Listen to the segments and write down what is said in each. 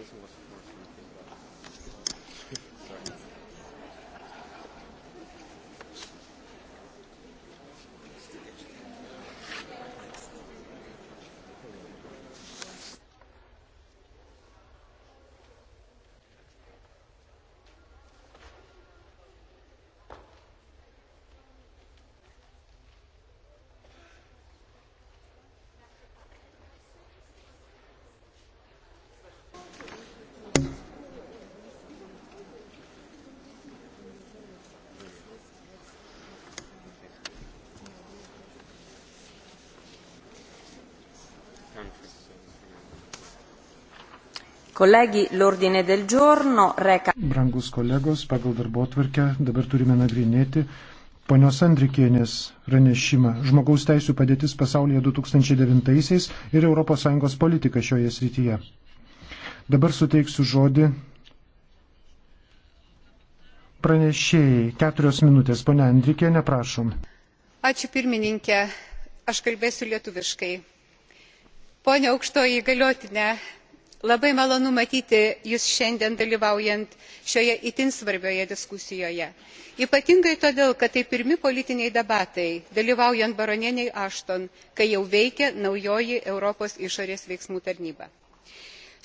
mechanizmus Kolegi, l'ordine del giorno reka. Brangus kolegos, pagal darbo atvarkę dabar turime nagrinėti ponios Andrikienės pranešimą Žmogaus teisų padėtis pasaulyje 2009 ir ES politika šioje srityje. Dabar suteiksiu žodį pranešėjai. Keturios minutės. Pone Andrikienė, prašom. Ačiū pirmininkė. Aš kalbėsiu lietuviškai ponia aukštoji įgaliotine labai malonu matyti jus šiandien dalyvaujant šioje itin svarbioje diskusijoje ypatingai todėl kad tai pirmi politiniai debatai dalyvaujant baronienei ashton kai jau veikia naujoji europos išorės veiksmų tarnyba.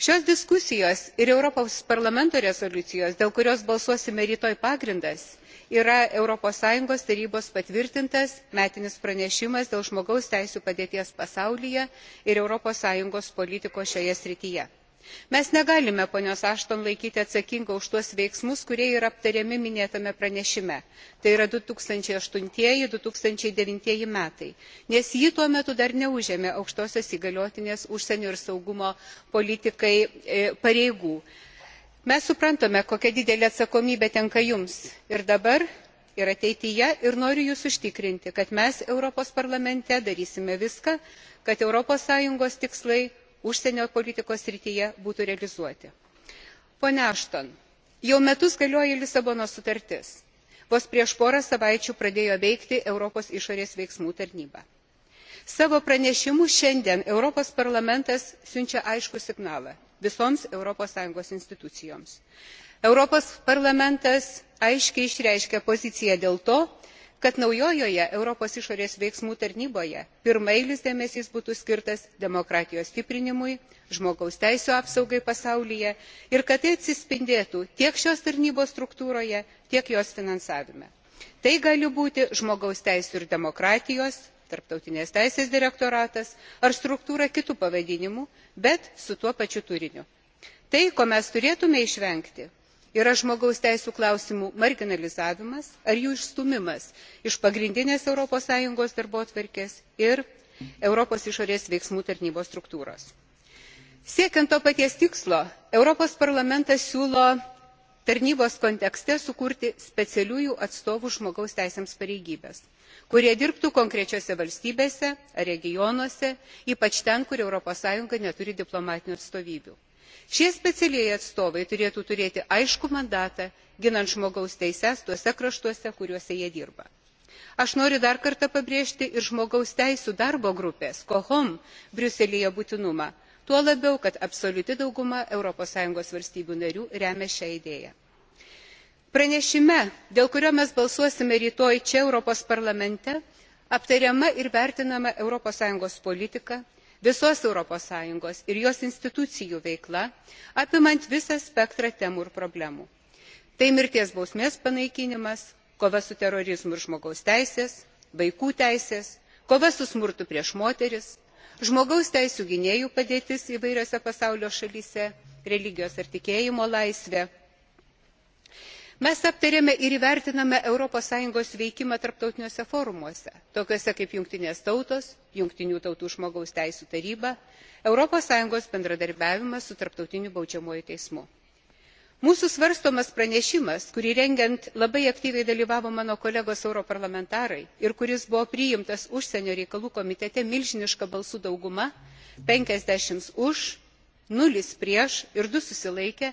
šios diskusijos ir europos parlamento rezoliucijos dėl kurios balsuosime rytoj pagrindas yra europos sąjungos tarybos patvirtintas metinis pranešimas dėl žmogaus teisių padėties pasaulyje ir europos sąjungos politikos šioje srityje. mes negalime ponios ashton laikyti atsakinga už tuos veiksmus kurie yra aptariami minėtame pranešime tai yra du tūkstančiai aštuoni du tūkstančiai devyni metai nes ji tuo metu dar neužėmė aukštosios įgaliotinės užsienio ir saugumo politikai e, pareigų mes suprantame kokia didelė atsakomybė tenka jums ir dabar ir ateityje ir noriu jus užtikrinti kad mes europos parlamente darysime viską kad europos sąjungos tikslai užsienio politikos srityje būtų realizuoti. ponia ashton jau metus galioja lisabonos sutartis vos prieš porą savaičių pradėjo veikti europos išorės veiksmų tarnyba. savo pranešimu šiandien europos parlamentas siunčia aiškų signalą visoms europos sąjungos institucijoms. europos parlamentas aiškiai išreiškė poziciją dėl to kad naujojoje europos išorės veiksmų tarnyboje pirmaeilis dėmesys būtų skirtas demokratijos stiprinimui žmogaus teisių apsaugai pasaulyje ir kad tai atsispindėtų tiek šios tarnybos struktūroje tiek jos finansavime. tai gali būti žmogaus teisių ir demokratijos tarptautinės teisės direktoratas ar struktūra kitu pavadinimu bet su tuo pačiu turiniu. tai ko mes turėtume išvengti yra žmogaus teisių klausimų marginalizavimas ar jų išstūmimas iš pagrindinės europos sąjungos darbotvarkės ir europos išorės veiksmų tarnybos struktūros. siekiant to paties tikslo europos parlamentas siūlo tarnybos kontekste sukurti specialiųjų atstovų žmogaus teisėms pareigybes kurie dirbtų konkrečiose valstybėse ar regionuose ypač ten kur europos sąjunga neturi diplomatinių atstovybių. šie specialieji atstovai turėtų turėti aiškų mandatą ginant žmogaus teises tuose kraštuose kuriuose jie dirba. aš noriu dar kartą pabrėžti ir žmogaus teisių darbo grupės cohom briuselyje būtinumą tuo labiau kad absoliuti dauguma europos sąjungos valstybių narių remia šią idėją pranešime dėl kurio mes balsuosime rytoj čia europos parlamente aptariama ir vertinama europos sąjungos politika visos europos sąjungos ir jos institucijų veikla apimant visą spektrą temų ir problemų tai mirties bausmės panaikinimas kova su terorizmu ir žmogaus teisės vaikų teisės kova su smurtu prieš moteris žmogaus teisių gynėjų padėtis įvairiose pasaulio šalyse religijos ar tikėjimo laisvė mes aptarėme ir įvertinome europos sąjungos veikimą tarptautiniuose forumuose tokiuose kaip jungtinės tautos jungtinių tautų žmogaus teisių taryba europos sąjungos bendradarbiavimas su tarptautiniu baudžiamuoju teismu. mūsų svarstomas pranešimas kurį rengiant labai aktyviai dalyvavo mano kolegos europarlamentarai ir kuris buvo priimtas užsienio reikalų komitete milžiniška balsų dauguma penkiasdešimt už 0 prieš ir 2 susilaikė,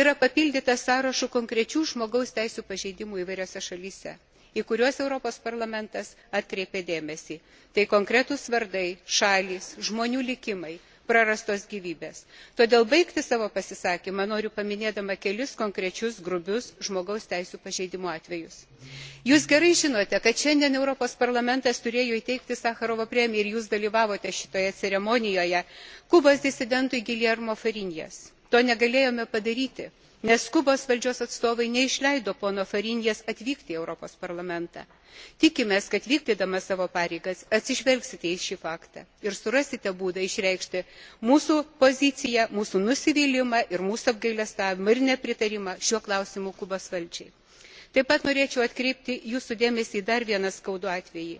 yra papildyta sąrašu konkrečių žmogaus teisų pažeidimų įvairiose šalyse, į kuriuos Europos parlamentas atkreipė dėmesį. Tai konkretus vardai, šalis, žmonių likimai, prarastos gyvybės. todėl baigti savo pasisakymą noriu paminėdama kelis konkrečius grubius žmogaus teisų pažeidimų atvejus. jūs gerai žinote kad šiandien europos parlamentas turėjo įteikti sacharovo premiją ir jūs dalyvavote šitoje ceremonijoje kubos disidentui gilermo farinjas. to negalėjome padaryti nes kubos valdžios atstovai neišleido pono farinjas atvykti į europos parlamentą. tikimės kad vykdydamas savo pareigas atsižvelgsite į šį faktą ir surasite būdą išreikšti mūsų poziciją mūsų nusivylimą ir mūsų apgailestavimą ir nepritarimą šiuo klausimu kubos valdžiai. taip pat norėčiau atkreipti jūsų dėmesį į dar vieną skaudų atvejį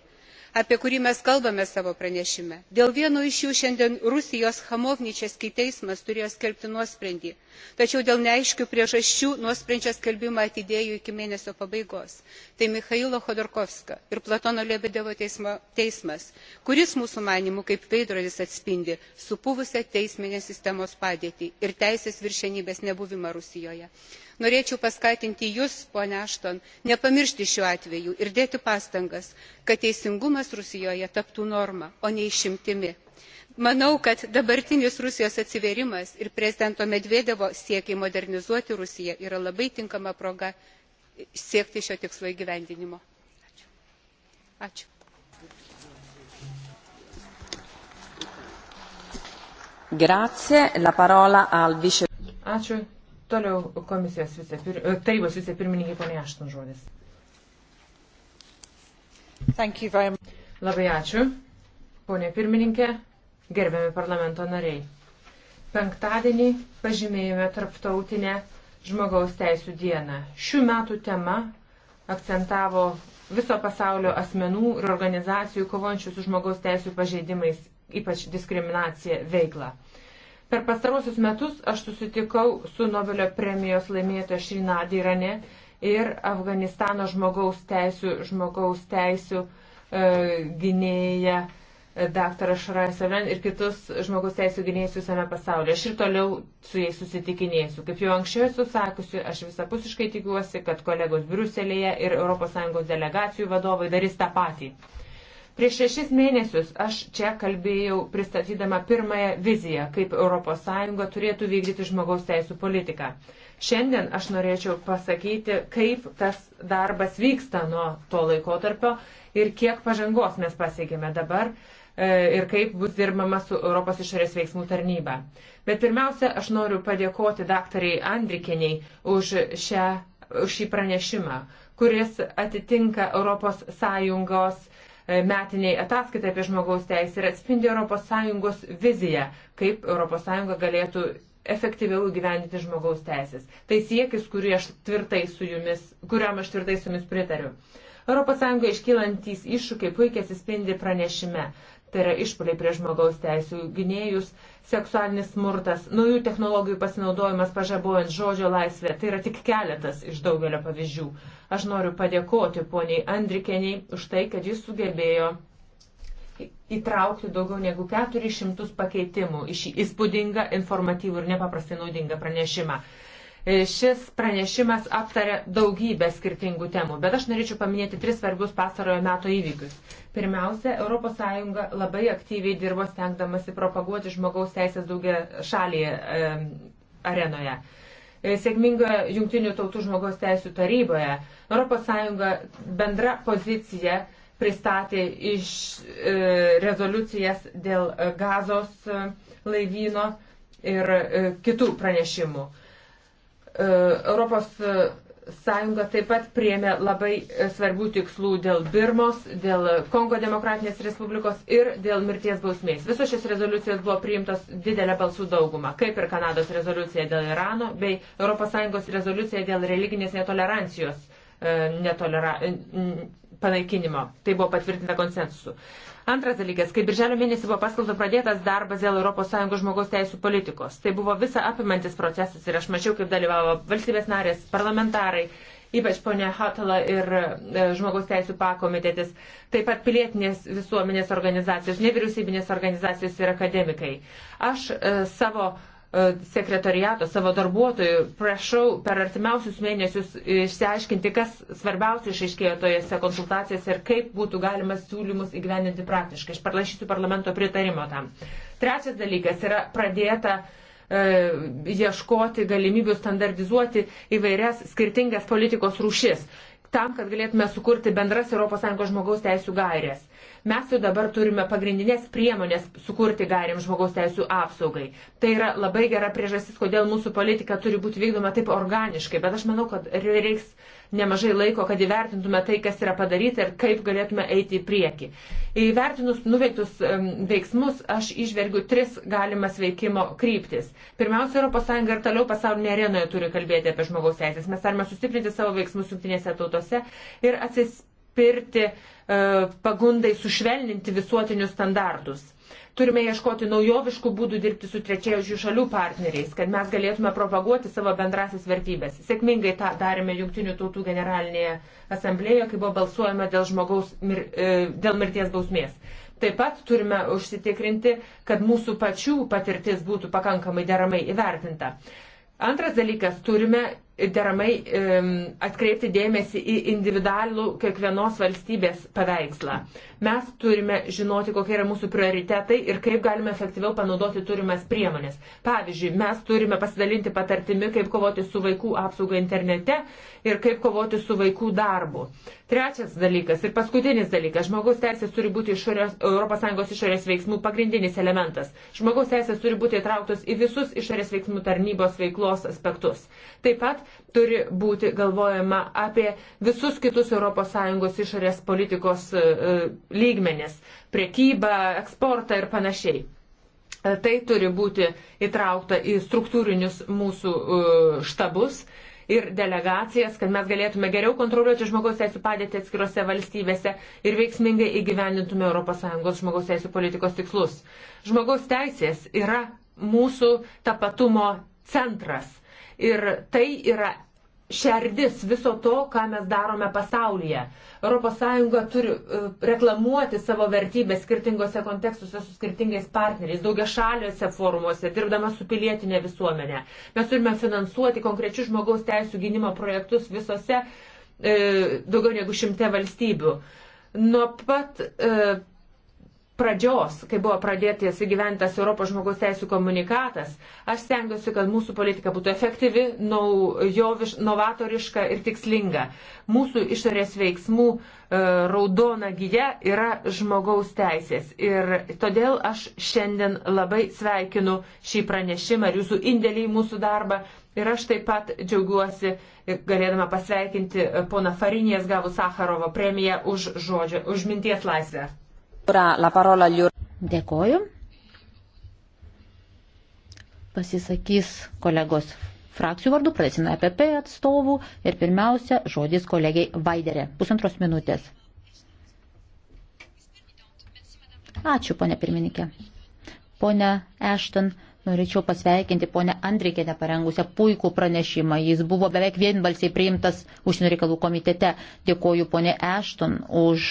apie kurį mes kalbame savo pranešime. dėl vieno iš jų šiandien rusijos chamovničeskij teismas turėjo skelbti nuosprendį tačiau dėl neaiškių priežasčių nuosprendžio skelbimą atidėjo iki mėnesio pabaigos tai michailo chodorkovskio ir platono lebedevo teismas kuris mūsų manymu kaip veidrodis atspindi supuvusią teisminės sistemos padėtį ir teisės viršenybės nebuvimą rusijoje. norėčiau paskatinti jus ponia ashton nepamiršti šių atvejų ir dėti pastangas kad teisingumas rusijoje taptų norma o ne išimtimi manau kad dabartinis rusijos atsivėrimas ir prezidento medvedevo siekiai modernizuoti rusiją yra labai tinkama proga siekti šio tikslo įgyvendinimo. Ačiū. Grazie, la parola al vice. Ačiū. Toliau komisijos vicepir... E, tarybos vicepirmininkė ponė Ašton žodis. Labai ačiū, ponė pirmininkė, gerbiami parlamento nariai. Penktadienį pažymėjome Tarptautinę žmogaus teisų dieną. Šių metų tema akcentavo viso pasaulio asmenų ir organizacijų kovojančių su žmogaus teisų pažeidimais, ypač diskriminacija veiklą. Per pastarosius metus aš susitikau su Nobelio premijos laimėtoja Šrinadė Irane ir Afganistano žmogaus teisų, žmogaus teisų e, gynėja e, dr. Šraisaven ir kitus žmogus teisų gynėjus visame pasaulyje. Aš ir toliau su jais susitikinėsiu. Kaip jau anksčiau esu sakusi, aš visapusiškai tikiuosi, kad kolegos Briuselėje ir ES delegacijų vadovai darys tą patį. Prieš šešis mėnesius aš čia kalbėjau pristatydama pirmąją viziją, kaip ES turėtų vykdyti žmogaus teisų politiką. Šiandien aš norėčiau pasakyti, kaip tas darbas vyksta nuo to laikotarpio ir kiek pažangos mes pasiekėme dabar. E, ir kaip bus dirbama su Europos išorės veiksmų tarnyba. Bet pirmiausia, aš noriu padėkoti daktariai Andrikeniai už, šią, už šį pranešimą, kuris atitinka ES e, metiniai ataskaitai apie žmogaus teisę ir atspindi ES viziją, kaip ES galėtų efektyviau gyvendyti žmogaus teisės. Tai siekis, aš jumis, kuriam aš tvirtai su jumis pritariu. ES iškylantys iššūkiai puikiai atsispindi pranešime tai yra išpoliai prie žmogaus teisų gynėjus, seksualinis smurtas, naujų technologijų pasinaudojimas pažabojant žodžio laisvę. Tai yra tik keletas iš daugelio pavyzdžių. Aš noriu padėkoti poniai Andrikeniai už tai, kad jis sugebėjo įtraukti daugiau negu 400 pakeitimų į šį įspūdingą, informatyvų ir nepaprastai naudingą pranešimą. E, šis pranešimas aptarė daugybę skirtingų temų, bet aš norėčiau paminėti tris svarbius pastarojo meto įvykius. Pirmiausia, ES labai aktyviai dirbo stengdamasi propaguoti žmogaus teisės daugia šalyje e, arenoje sėkmingoje Junktinių tautų žmogaus teisų taryboje. ES bendra pozicija pristatė iš e, rezoliucijas dėl e, gazos e, laivyno ir e, kitų pranešimų. E, E, Europos e, Sąjunga taip pat priemė labai e, svarbių tikslų dėl Birmos, dėl Kongo demokratinės respublikos ir dėl mirties bausmės. Visos šios rezoliucijos buvo priimtos didelę balsų daugumą, kaip ir Kanados rezoliucija dėl Irano bei ES rezoliucija dėl religinės netolerancijos netolera, panaikinimo. Tai buvo patvirtinta konsensusu. Antras dalykas, kai birželio mėnesį buvo paskelbta pradėtas darbas dėl ES žmogaus teisų politikos. Tai buvo visa apimantis procesas ir aš mačiau, kaip dalyvavo valstybės narės, parlamentarai, ypač ponia Hatala ir e, žmogaus teisų pakomitėtis, taip pat pilietinės visuomenės organizacijos, nevyriausybinės organizacijos ir akademikai. Aš e, savo uh, E, sekretariato, savo darbuotojų, prašau per artimiausius mėnesius išsiaiškinti, kas svarbiausia išaiškėjo tojose konsultacijose ir kaip būtų galima siūlymus įgyvendinti praktiškai. Aš parlašysiu parlamento pritarimo tam. Trečias dalykas yra pradėta e, ieškoti galimybių standartizuoti įvairias skirtingas politikos rūšis, tam, kad galėtume sukurti bendras ES žmogaus teisų gairės Mes jau dabar turime pagrindinės priemonės sukurti galim žmogaus teisų apsaugai. Tai yra labai gera priežastis, kodėl mūsų politika turi būti vykdoma taip organiškai, bet aš manau, kad reiks nemažai laiko, kad įvertintume tai, kas yra padaryta ir kaip galėtume eiti į priekį. Įvertinus nuveiktus veiksmus, aš išvergiu tris galimas veikimo kryptis. Pirmiausia, ES ir toliau pasaulinė arenoje turi kalbėti apie žmogaus teisės. Mes turime sustiprinti savo veiksmus jungtinėse tautose ir atsispirti E, pagundai sušvelninti visuotinius standartus. Turime ieškoti naujoviškų būdų dirbti su trečiajų šalių partneriais, kad mes galėtume propaguoti savo bendrasis vertybės. Sėkmingai tą darėme Junktinių tautų generalinėje asamblėje, kai buvo balsuojama dėl, žmogaus, mir, e, dėl mirties bausmės. Taip pat turime užsitikrinti, kad mūsų pačių patirtis būtų pakankamai deramai įvertinta. Antras dalykas, turime deramai atkreipti dėmesį į individualų kiekvienos valstybės paveikslą. Mes turime žinoti, kokie yra mūsų prioritetai ir kaip galime efektyviau panaudoti turimas priemonės. Pavyzdžiui, mes turime pasidalinti patartimi, kaip kovoti su vaikų apsauga internete ir kaip kovoti su vaikų darbu. Trečias dalykas ir paskutinis dalykas - žmogaus teisės turi būti išorės, ES išorės veiksmų pagrindinis elementas. Žmogaus teisės turi būti įtrauktos į visus išorės veiksmų tarnybos veiklos aspektus. Taip pat turi būti galvojama apie visus kitus ES išorės politikos e, e, lygmenis - priekybą, eksportą ir panašiai. E, tai turi būti įtraukta į struktūrinius mūsų štabus ir delegacijas, kad mes galėtume geriau kontroliuoti žmogaus teisų padėtį atskirose valstybėse ir veiksmingai įgyvendintume ES žmogaus teisų politikos tikslus. Žmogaus teisės yra mūsų tapatumo centras. Ir tai yra šerdis viso to, ką mes darome pasaulyje. ES turi e, reklamuoti savo vertybę skirtingose kontekstuose su skirtingais partneriais, daugia šaliuose forumuose, dirbdama su pilietinė visuomenė. Mes turime finansuoti konkrečius žmogaus teisų gynimo projektus visose e, daugiau negu šimte valstybių. Nuo pat e, pradžios, kai buvo pradėtas įgyventas Europos žmogaus teisų komunikatas, aš stengiuosi, kad mūsų politika būtų efektyvi, naujoviš, novatoriška ir tikslinga. Mūsų išorės veiksmų e, raudona gyja yra žmogaus teisės. Ir todėl aš šiandien labai sveikinu šį pranešimą ir jūsų indėlį į mūsų darbą. Ir aš taip pat džiaugiuosi e, galėdama pasveikinti e, pona Farinės gavus Sakarovo premiją už, žodžio, už minties laisvę. Dėkoju. Pasisakys kolegos frakcijų vardų, pradėsime EPP atstovų ir pirmiausia žodis kolegiai Vaiderė. Pusantros minutės. Ačiū, ponė pirmininkė. Pone Ešton, Norėčiau pasveikinti ponę Andrikinę parengusią puikų pranešimą. Jis buvo beveik vienbalsiai priimtas užsienio reikalų komitete. Dėkoju ponė Ešton už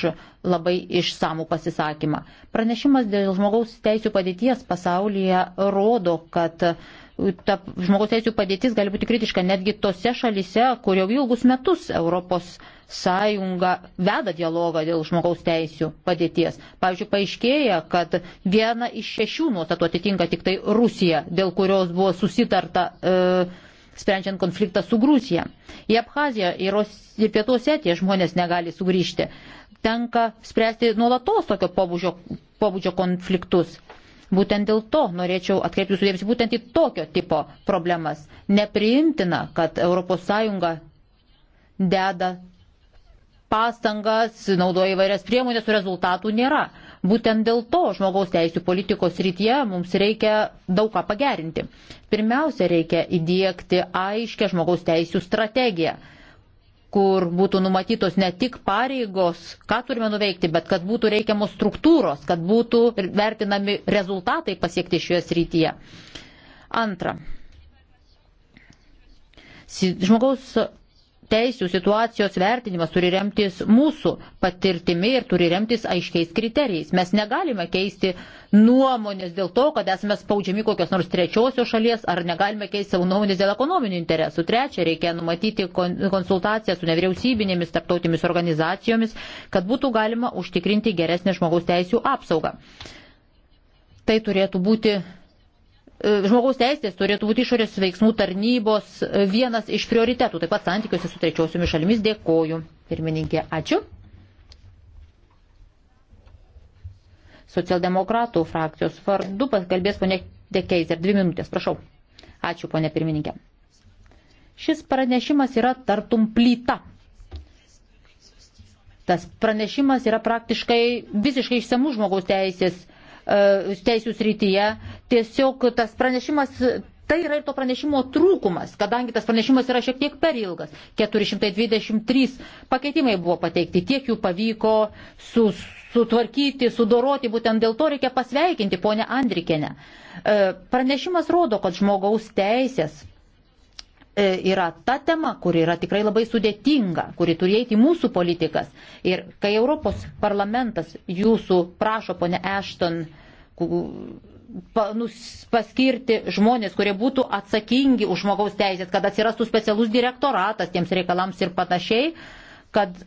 labai išsamų pasisakymą. Pranešimas dėl žmogaus teisų padėties pasaulyje rodo, kad uh, ta žmogaus teisų padėtis gali būti kritiška netgi tose šalise, kur jau ilgus metus Europos Sąjunga veda dialogą dėl žmogaus teisų padėties. Pavyzdžiui, paaiškėja, kad viena iš šešių nuostatų atitinka tik tai Rusija, dėl kurios buvo susitarta. E, sprendžiant konfliktą su Grūsija. Į Abhaziją ir, ir pietuose tie žmonės negali sugrįžti. Tenka spręsti nuolatos tokio pobūdžio, pobūdžio konfliktus. Būtent dėl to norėčiau atkreipti jūsų dėmesį būtent į tokio tipo problemas. Nepriimtina, kad ES deda pastangas, naudoja įvairias priemonės, rezultatų nėra. Būtent dėl to žmogaus teisų politikos rytyje mums reikia daug ką pagerinti. Pirmiausia, reikia įdėkti aiškę žmogaus teisų strategiją kur būtų numatytos ne tik pareigos, ką turime nuveikti, bet kad būtų reikiamos struktūros, kad būtų vertinami rezultatai pasiekti šioje srityje. Antra. Žmogaus teisų situacijos vertinimas turi remtis mūsų patirtimi ir turi remtis aiškiais kriterijais. Mes negalime keisti nuomonės dėl to, kad esame spaudžiami kokios nors trečiosios šalies ar negalime keisti savo nuomonės dėl ekonominių interesų. Trečia, reikia numatyti konsultaciją su nevyriausybinėmis tarptautėmis organizacijomis, kad būtų galima užtikrinti geresnę žmogaus teisų apsaugą. Tai turėtų būti E, žmogaus teisės turėtų būti išorės veiksmų tarnybos e, vienas iš prioritetų, taip pat santykiuose su trečiosiomis šalimis. Dėkoju. Pirmininkė, ačiū. Socialdemokratų frakcijos vardu paskalbės ponė Dekeizer. Dvi minutės, prašau. Ačiū, ponė pirmininkė. Šis pranešimas yra tartum plyta. Tas pranešimas yra praktiškai visiškai išsamų žmogaus teisės E, teisų srityje. Tiesiog tas pranešimas Tai yra ir to pranešimo trūkumas, kadangi tas pranešimas yra šiek tiek per ilgas. 423 pakeitimai buvo pateikti, tiek jų pavyko su, sutvarkyti, sudoroti, būtent dėl to reikia pasveikinti ponę Andrikienę. E, pranešimas rodo, kad žmogaus teisės E, yra ta tema, kuri yra tikrai labai sudėtinga, kuri turi eiti mūsų politikas. Ir kai Europos parlamentas jūsų prašo, ponė Ešton, nu, paskirti žmonės, kurie būtų atsakingi už žmogaus teisės, kad atsirastų specialus direktoratas tiems reikalams ir panašiai, kad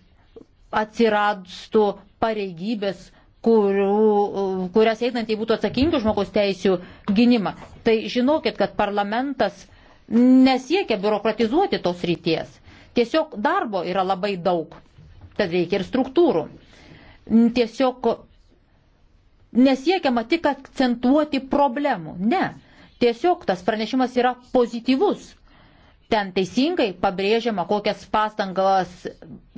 atsirastų pareigybės, kurių, kurias einantieji būtų atsakingi už žmogaus teisų gynimą. Tai žinokit, kad parlamentas nesiekia biurokratizuoti tos ryties. Tiesiog darbo yra labai daug, tad reikia ir struktūrų. Tiesiog nesiekiama tik akcentuoti problemų. Ne, tiesiog tas pranešimas yra pozityvus. Ten teisingai pabrėžiama, kokias pastangas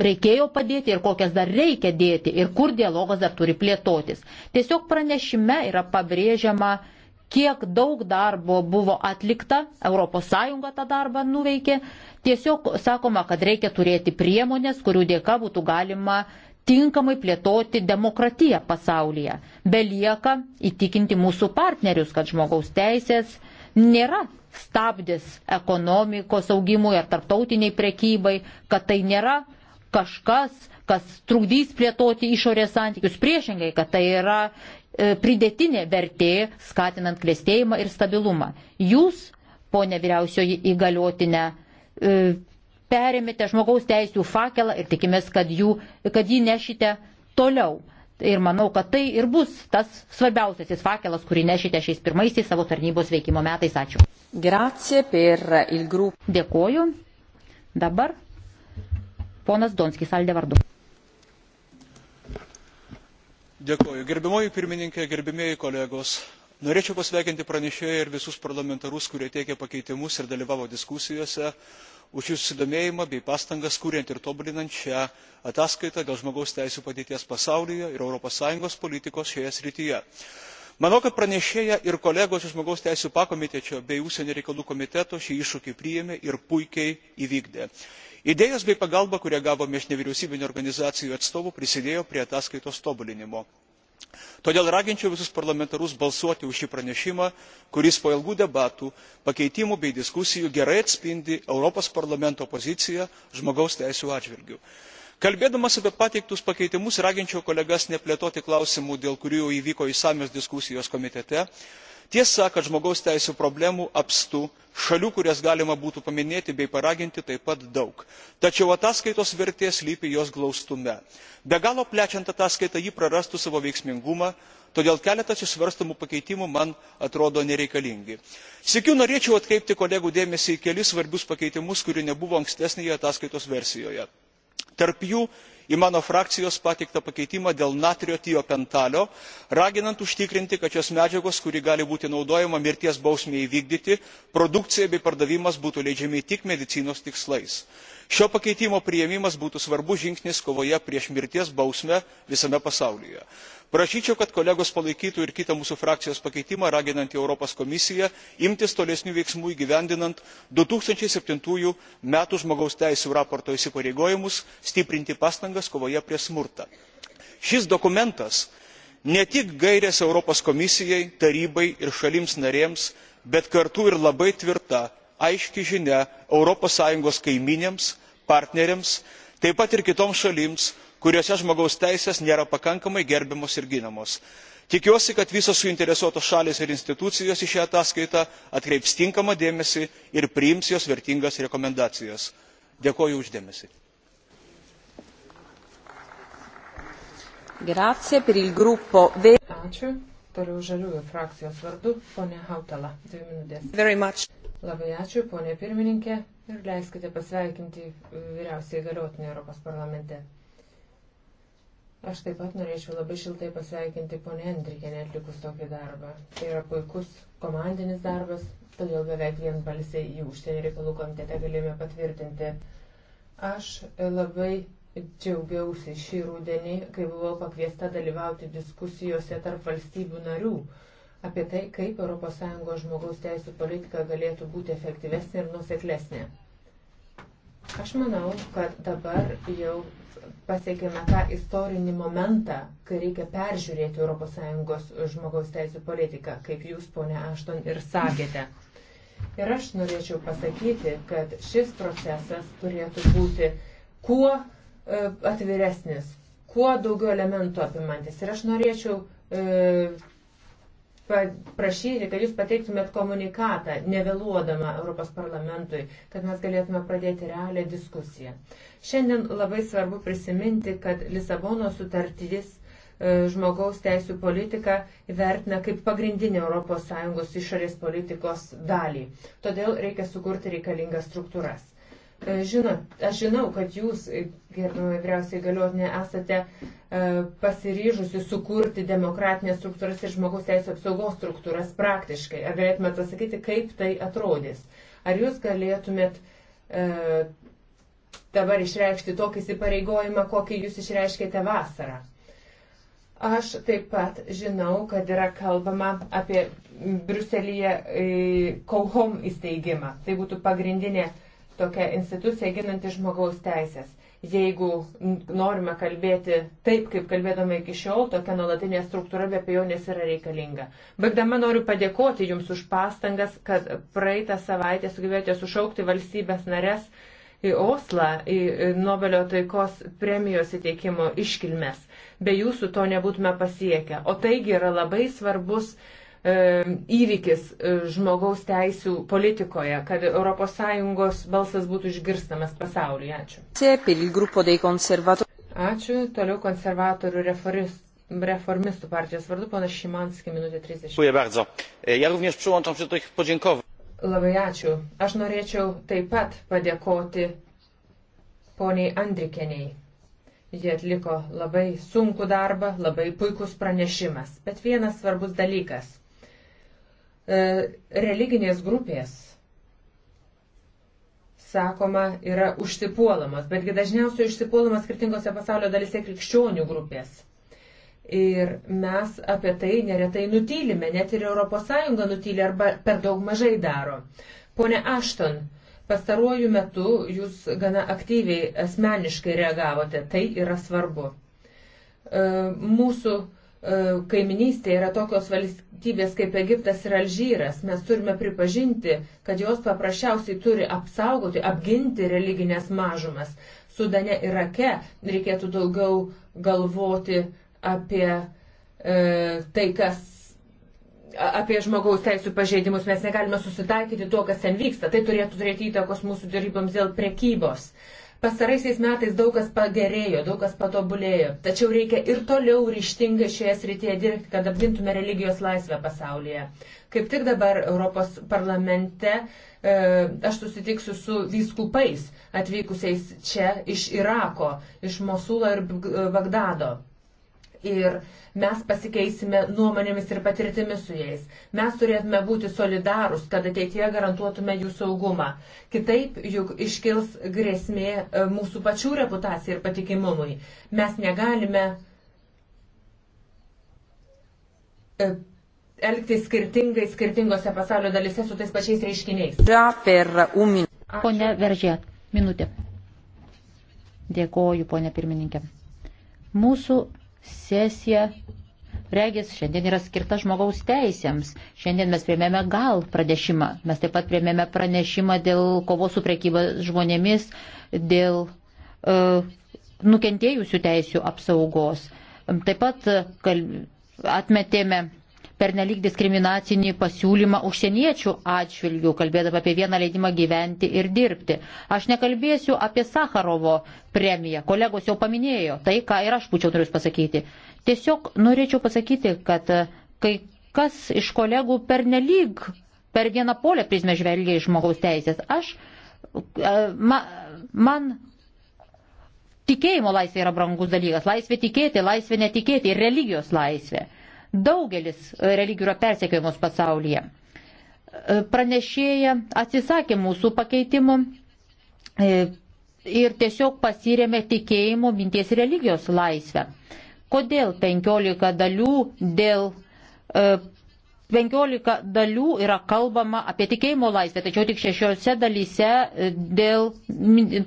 reikėjo padėti ir kokias dar reikia dėti ir kur dialogas dar turi plėtotis. Tiesiog pranešime yra pabrėžiama, kiek daug darbo buvo atlikta, ES tą darbą nuveikė. Tiesiog sakoma, kad reikia turėti priemonės, kurių dėka būtų galima tinkamai plėtoti demokratiją pasaulyje. Belieka įtikinti mūsų partnerius, kad žmogaus teisės nėra stabdis ekonomikos augimui ar tarptautiniai prekybai, kad tai nėra kažkas, kas trukdys plėtoti išorės santykius. Priešingai, kad tai yra E, pridėtinė vertė, skatinant klėstėjimą ir stabilumą. Jūs, ponė vyriausioji įgaliotinė, e, perėmėte žmogaus teisų fakelą ir tikimės, kad, jų, kad jį nešite toliau. Ir manau, kad tai ir bus tas svarbiausiasis fakelas, kurį nešite šiais pirmaisiais savo tarnybos veikimo metais. Ačiū. Dėkoju. Dabar ponas Donskis Aldė vardu gerbiamoji pirmininke gerbiamieji kolegos norėčiau pasveikinti pranešėją ir visus parlamentarus kurie teikė pakeitimus ir dalyvavo diskusijose už jų susidomėjimą bei pastangas kuriant ir tobulinant šią ataskaitą dėl žmogaus teisių padėties pasaulyje ir europos sąjungos politikos šioje srityje. manau kad pranešėja ir kolegos iš žmogaus teisių pakomitečio bei užsienio reikalų komiteto šį iššūkį priėmė ir puikiai įvykdė idėjos bei pagalba kurią gavome iš nevyriausybinių organizacijų atstovų prisidėjo prie ataskaitos tobulinimo. todėl raginčiau visus parlamentarus balsuoti už šį pranešimą kuris po ilgų debatų pakeitimų bei diskusijų gerai atspindi europos parlamento poziciją žmogaus teisių atžvilgiu. kalbėdamas apie pateiktus pakeitimus raginčiau kolegas neplėtoti klausimų dėl kurių jau įvyko išsamios diskusijos komitete tiesą sakant žmogaus teisių problemų apstu šalių kurias galima būtų paminėti bei paraginti taip pat daug tačiau ataskaitos vertė slypi jos glaustume. be galo plečiant ataskaitą ji prarastų savo veiksmingumą todėl keletas iš svarstomų pakeitimų man atrodo nereikalingi. sykiu norėčiau atkreipti kolegų dėmesį į kelis svarbius pakeitimus kurių nebuvo ankstesnėje ataskaitos versijoje tarp jų į mano frakcijos pateiktą pakeitimą dėl natrio tiopentalio raginant užtikrinti kad šios medžiagos kuri gali būti naudojama mirties bausmei įvykdyti produkcija bei pardavimas būtų leidžiami tik medicinos tikslais šio pakeitimo priėmimas būtų svarbus žingsnis kovoje prieš mirties bausmę visame pasaulyje. prašyčiau kad kolegos palaikytų ir kitą mūsų frakcijos pakeitimą raginantį europos komisiją imtis tolesnių veiksmų įgyvendinant du tūkstančiai septyni metų žmogaus teisių raporto įsipareigojimus stiprinti pastangas kovoje prieš smurtą. šis dokumentas ne tik gairės europos komisijai tarybai ir šalims narėms bet kartu ir labai tvirta aiški žinia europos sąjungos kaimynėms partneriams taip pat ir kitoms šalims kuriose žmogaus teisės nėra pakankamai gerbiamos ir ginamos. tikiuosi kad visos suinteresuotos šalys ir institucijos į šią ataskaitą atkreips tinkamą dėmesį ir priims jos vertingas rekomendacijas. dėkoju už dėmesį. Ačiū. Toliau žaliųjų frakcijos vardu, ponė Hautala, dvi minutės. Labai ačiū, ponė pirmininkė, ir leiskite pasveikinti vyriausiai galiotinį Europos parlamente. Aš taip pat norėčiau labai šiltai pasveikinti ponę Endrikę, netlikus tokį darbą. Tai yra puikus komandinis darbas, todėl beveik vien balsiai į užsienio reikalų komitete galėjome patvirtinti. Aš labai džiaugiausi šį rūdienį, kai buvau pakviesta dalyvauti diskusijose tarp valstybių narių apie tai, kaip ES žmogaus teisų politika galėtų būti efektyvesnė ir nuseklesnė. Aš manau, kad dabar jau pasiekėme tą istorinį momentą, kai reikia peržiūrėti ES žmogaus teisų politiką, kaip jūs, ponė Ašton, ir sakėte. Ir aš norėčiau pasakyti, kad šis procesas turėtų būti kuo e, atviresnis, kuo daugiau elementų apimantis. Ir aš norėčiau e, prašyti, kad jūs pateiktumėt komunikatą, nevėluodama Europos parlamentui, kad mes galėtume pradėti realią diskusiją. Šiandien labai svarbu prisiminti, kad Lisabono sutartys e, žmogaus teisų politiką vertina kaip pagrindinį ES išorės politikos dalį. Todėl reikia sukurti reikalingas struktūras. E, Žinot, aš žinau, kad jūs, e, gerbama vyriausiai galiotinė, esate e, pasiryžusi sukurti demokratinės struktūras ir žmogaus teisų apsaugos struktūras praktiškai. Ar galėtumėt pasakyti, kaip tai atrodys? Ar jūs galėtumėt dabar išreikšti tokį įsipareigojimą, kokį jūs išreiškėte vasarą? Aš taip pat žinau, kad yra kalbama apie Bruselėje Kauhom įsteigimą. Tai būtų pagrindinė uh, tokia institucija ginanti žmogaus teisės. Jeigu norime kalbėti taip, kaip kalbėdome iki šiol, tokia nuolatinė struktūra be abejonės yra reikalinga. Baigdama noriu padėkoti Jums už pastangas, kad praeitą savaitę sugebėjote sušaukti valstybės nares į Oslą, į Nobelio taikos premijos įteikimo iškilmes. Be Jūsų to nebūtume pasiekę. O taigi yra labai svarbus uh, E, įvykis e, žmogaus teisų politikoje, kad ES balsas būtų išgirstamas pasaulyje. Ačiū. Ačiū. Toliau konservatorių reformistų. Reformistų partijos vardu, panas Šimanski, minutė 30. Dziękuję bardzo. E, ja również przyłączam się do tych podziękowań. Labai ačiū. Aš norėčiau taip pat padėkoti poniai Andrikeniai. Jie atliko labai sunku darbą, labai puikus pranešimas. Bet vienas svarbus dalykas E, religinės grupės, sakoma, yra užsipuolamos, betgi dažniausiai užsipuolamos skirtingose pasaulio dalise krikščionių grupės. Ir mes apie tai neretai nutylime, net ir ES nutylė arba per daug mažai daro. Pone Ašton, pastaruoju metu jūs gana aktyviai asmeniškai reagavote, tai yra svarbu. E, mūsų E, kaiminystėje yra tokios valstybės kaip Egiptas ir Alžyras, mes turime pripažinti, kad jos paprasčiausiai turi apsaugoti, apginti religinės mažumas. Sudane ir Rake reikėtų daugiau galvoti apie e, tai, kas apie žmogaus teisų pažeidimus. Mes negalime susitaikyti tuo, kas ten vyksta. Tai turėtų turėti įtakos mūsų daryboms dėl prekybos. E, Pastaraisiais metais daug kas pagerėjo, daug kas patobulėjo, tačiau reikia ir toliau ryštingai šioje srityje dirbti, kad apgintume religijos laisvę pasaulyje. Kaip tik dabar Europos parlamente e, aš susitiksiu su vyskupais atvykusiais čia iš Irako, iš Mosulo ir Bagdado ir mes pasikeisime nuomonėmis ir patirtimis su jais. Mes turėtume būti solidarūs, kad ateityje garantuotume jų saugumą. Kitaip juk iškils grėsmė e, mūsų pačių reputacijai ir patikimumui. Mes negalime e, elgtis skirtingai skirtingose pasaulio dalise su tais pačiais reiškiniais. Pone Veržė, minutė. Dėkoju, ponė pirmininkė. Mūsų sesija, regis, šiandien yra skirta žmogaus teisėms. Šiandien mes priemėme gal pranešimą. Mes taip pat priemėme pranešimą dėl kovos su priekyba žmonėmis, dėl uh, nukentėjusių teisių apsaugos. Taip pat kal... atmetėme pernelyg diskriminacinį pasiūlymą užsieniečių atšvilgių, kalbėdama apie vieną leidimą gyventi ir dirbti. Aš nekalbėsiu apie Sakarovo premiją, kolegos jau paminėjo tai, ką ir aš būčiau noriu pasakyti. Tiesiog norėčiau pasakyti, kad e, kai kas iš kolegų pernelyg per vieną polę prizmę žvelgia į žmogaus teisės. Aš, e, ma, man tikėjimo laisvė yra brangus dalykas. Laisvė tikėti, laisvė netikėti ir religijos laisvė. Daugelis religijų yra persekiojamos pasaulyje. Pranešėja atsisakė mūsų pakeitimų e, ir tiesiog pasirėmė tikėjimo, minties ir religijos laisvę. Kodėl 15 dalių dėl 15 e, dalių yra kalbama apie tikėjimo laisvę, tačiau tik šešiose dalyse e, dėl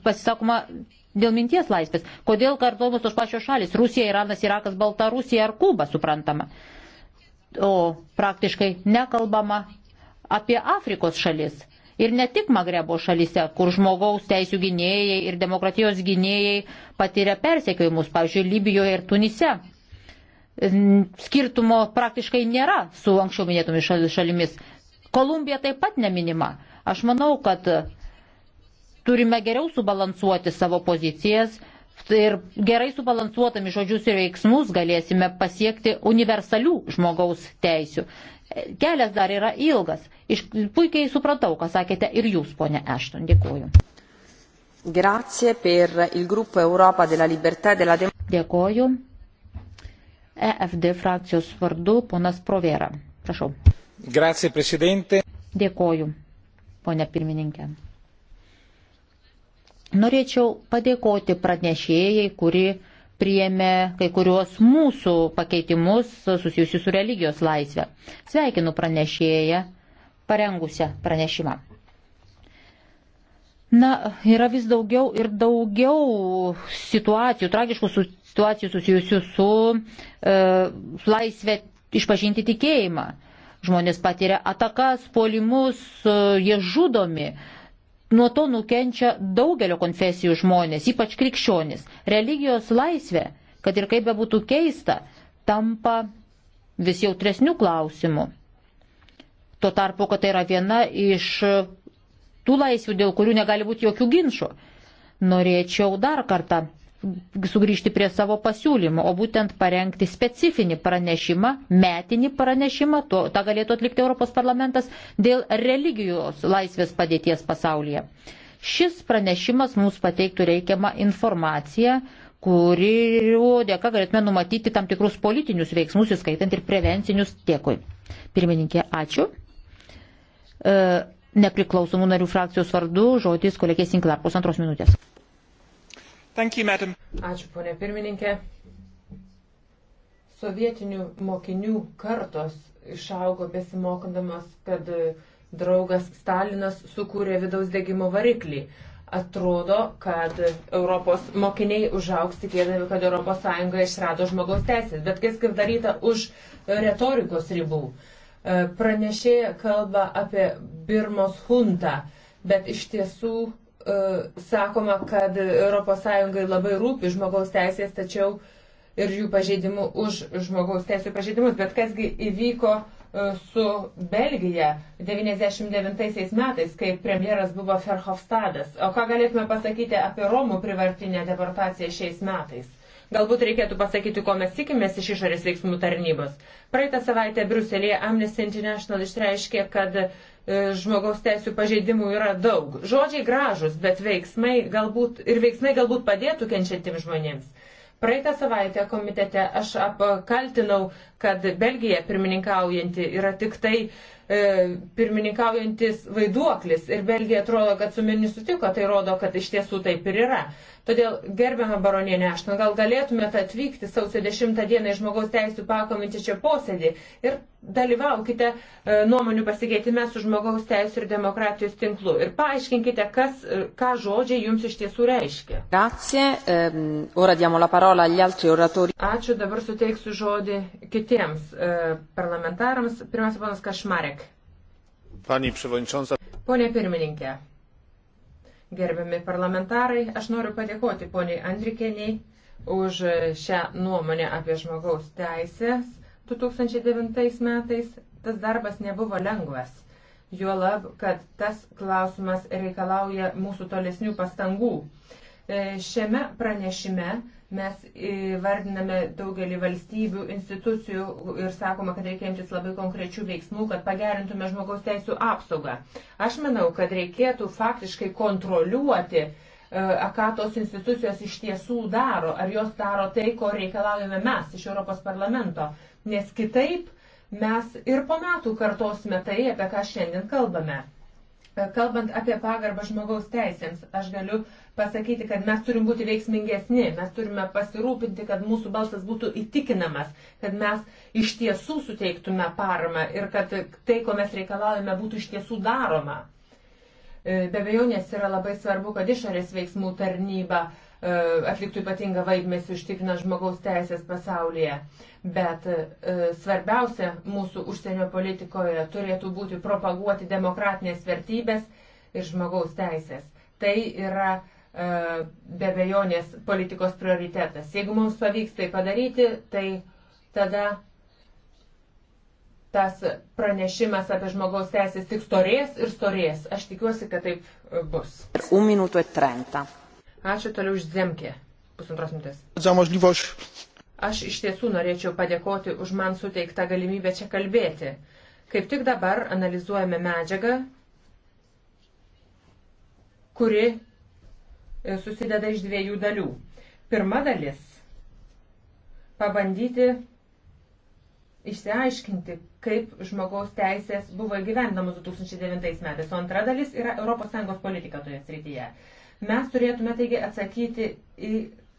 pasisakoma dėl minties laisvės. Kodėl kartojamos tos pačios šalis - Rusija, Iranas, Irakas, Baltarusija ar Kuba, suprantama. O praktiškai nekalbama apie Afrikos šalis. Ir ne tik Magrebo šalise, kur žmogaus teisų gynėjai ir demokratijos gynėjai patiria persekiojimus, pavyzdžiui, Libijoje ir Tunise. Skirtumo praktiškai nėra su anksčiau minėtomis šalimis. Kolumbija taip pat neminima. Aš manau, kad turime geriau subalansuoti savo pozicijas ir gerai subalansuotami žodžius ir veiksmus galėsime pasiekti universalių žmogaus teisių. Kelias dar yra ilgas. Iš, puikiai supratau, ką sakėte ir jūs, ponė Ešton. Dėkuoju. Grazie per il gruppo Europa della Libertà e della Democrazia. Dėkuoju. EFD frakcijos vardu ponas Provera. Prašau. Grazie, prezidente. Dėkuoju, ponė pirmininkė. Norėčiau padėkoti pranešėjai, kuri priėmė kai kuriuos mūsų pakeitimus susijusius su religijos laisvė. Sveikinu pranešėją, parengusią pranešimą. Na, yra vis daugiau ir daugiau situacijų, tragiškų situacijų susijusių su e, laisvė išpažinti tikėjimą. Žmonės patiria atakas, polimus, e, jie žudomi. E, Nuo to nukenčia daugelio konfesijų žmonės, ypač krikščionis. Religijos laisvė, kad ir kaip bebūtų keista, tampa vis jautresnių klausimų. Tuo tarpu, kad tai yra viena iš tų laisvių, dėl kurių negali būti jokių ginčių. Norėčiau dar kartą sugrįžti prie savo pasiūlymų, o būtent parengti specifinį pranešimą, metinį pranešimą, to, tą galėtų atlikti Europos parlamentas dėl religijos laisvės padėties pasaulyje. Šis pranešimas mums pateiktų reikiamą informaciją, kurių dėka galėtume numatyti tam tikrus politinius veiksmus, įskaitant ir prevencinius. Dėkui. Pirmininkė, ačiū. E, nepriklausomų narių frakcijos vardu žodis kolegės Inklar pusantros minutės. You, Ačiū, ponė pirmininkė. Sovietinių mokinių kartos išaugo besimokandamas, kad draugas Stalinas sukūrė vidaus degimo variklį. Atrodo, kad Europos mokiniai užaugs tikėdami, kad ES išrado žmogaus teisės, bet viskas daryta už retorikos ribų. E, pranešėja kalba apie Birmos huntą, bet iš tiesų E, sakoma, kad ES labai rūpi žmogaus teisės, tačiau ir jų pažeidimų už žmogaus teisų pažeidimus. Bet kasgi įvyko e, su Belgija 99 metais, kai premjeras buvo Ferhofstadas. O ką galėtume pasakyti apie Romų privartinę deportaciją šiais metais? Galbūt reikėtų pasakyti, ko mes tikimės iš išorės veiksmų tarnybos. Praeitą savaitę Bruselėje Amnesty International išreiškė, kad uh, E, žmogaus teisų pažeidimų yra daug. Žodžiai gražus, bet veiksmai galbūt ir veiksmai galbūt padėtų kenčiantim žmonėms. Praeitą savaitę komitete aš apkaltinau, kad Belgija pirmininkaujanti yra tik tai e, pirmininkaujantis vaiduoklis ir Belgija atrodo, kad su manimi sutiko, tai rodo, kad iš tiesų taip ir yra. Todėl, gerbiama baronienė Ašton, gal galėtumėte atvykti sausio 10 dieną į žmogaus teisų pakomitį čia posėdį ir dalyvaukite e, nuomonių pasikeitime su žmogaus teisų ir demokratijos tinklu ir paaiškinkite, kas, e, ką žodžiai jums iš tiesų reiškia. Ehm, Ačiū, dabar suteiksiu žodį kitiems e, parlamentarams. Pirmiausia, ponas Kašmarek. Pone pirmininkė gerbiami parlamentarai, aš noriu padėkoti poniai Andrikeniai už šią nuomonę apie žmogaus teisės 2009 metais. Tas darbas nebuvo lengvas, juolab, kad tas klausimas reikalauja mūsų tolesnių pastangų. E, šiame pranešime Mes vardiname daugelį valstybių, institucijų ir sakoma, kad reikia imtis labai konkrečių veiksmų, kad pagerintume žmogaus teisų apsaugą. Aš manau, kad reikėtų faktiškai kontroliuoti, e, ką tos institucijos iš tiesų daro, ar jos daro tai, ko reikalaujame mes iš Europos parlamento. Nes kitaip mes ir po metų kartosime tai, apie ką šiandien kalbame. E, kalbant apie pagarbą žmogaus teisėms, aš galiu uh, pasakyti, kad mes turim būti veiksmingesni, mes turime pasirūpinti, kad mūsų balsas būtų įtikinamas, kad mes iš tiesų suteiktume paramą ir kad tai, ko mes reikalavome, būtų iš tiesų daroma. E, be abejonės yra labai svarbu, kad išorės veiksmų tarnyba e, atliktų ypatingą vaidmesį užtikrinant žmogaus teisės pasaulyje. Bet e, svarbiausia mūsų užsienio politikoje turėtų būti propaguoti demokratinės vertybės ir žmogaus teisės. Tai yra uh, E, be bejonės politikos prioritetas. Jeigu mums pavyks tai padaryti, tai tada tas pranešimas apie žmogaus teisės tik storės ir storės. Aš tikiuosi, kad taip e, bus. Un minutų ir e trenta. Ačiū toliau už Zemkę. Pusantros minutės. Zamožlyvoš. Aš iš tiesų norėčiau padėkoti už man suteiktą galimybę čia kalbėti. Kaip tik dabar analizuojame medžiagą, kuri E, susideda iš dviejų dalių. Pirma dalis - pabandyti išsiaiškinti, kaip žmogaus teisės buvo įgyvendamos 2009 metais, o antra dalis yra ES politika toje srityje. Mes turėtume taigi atsakyti į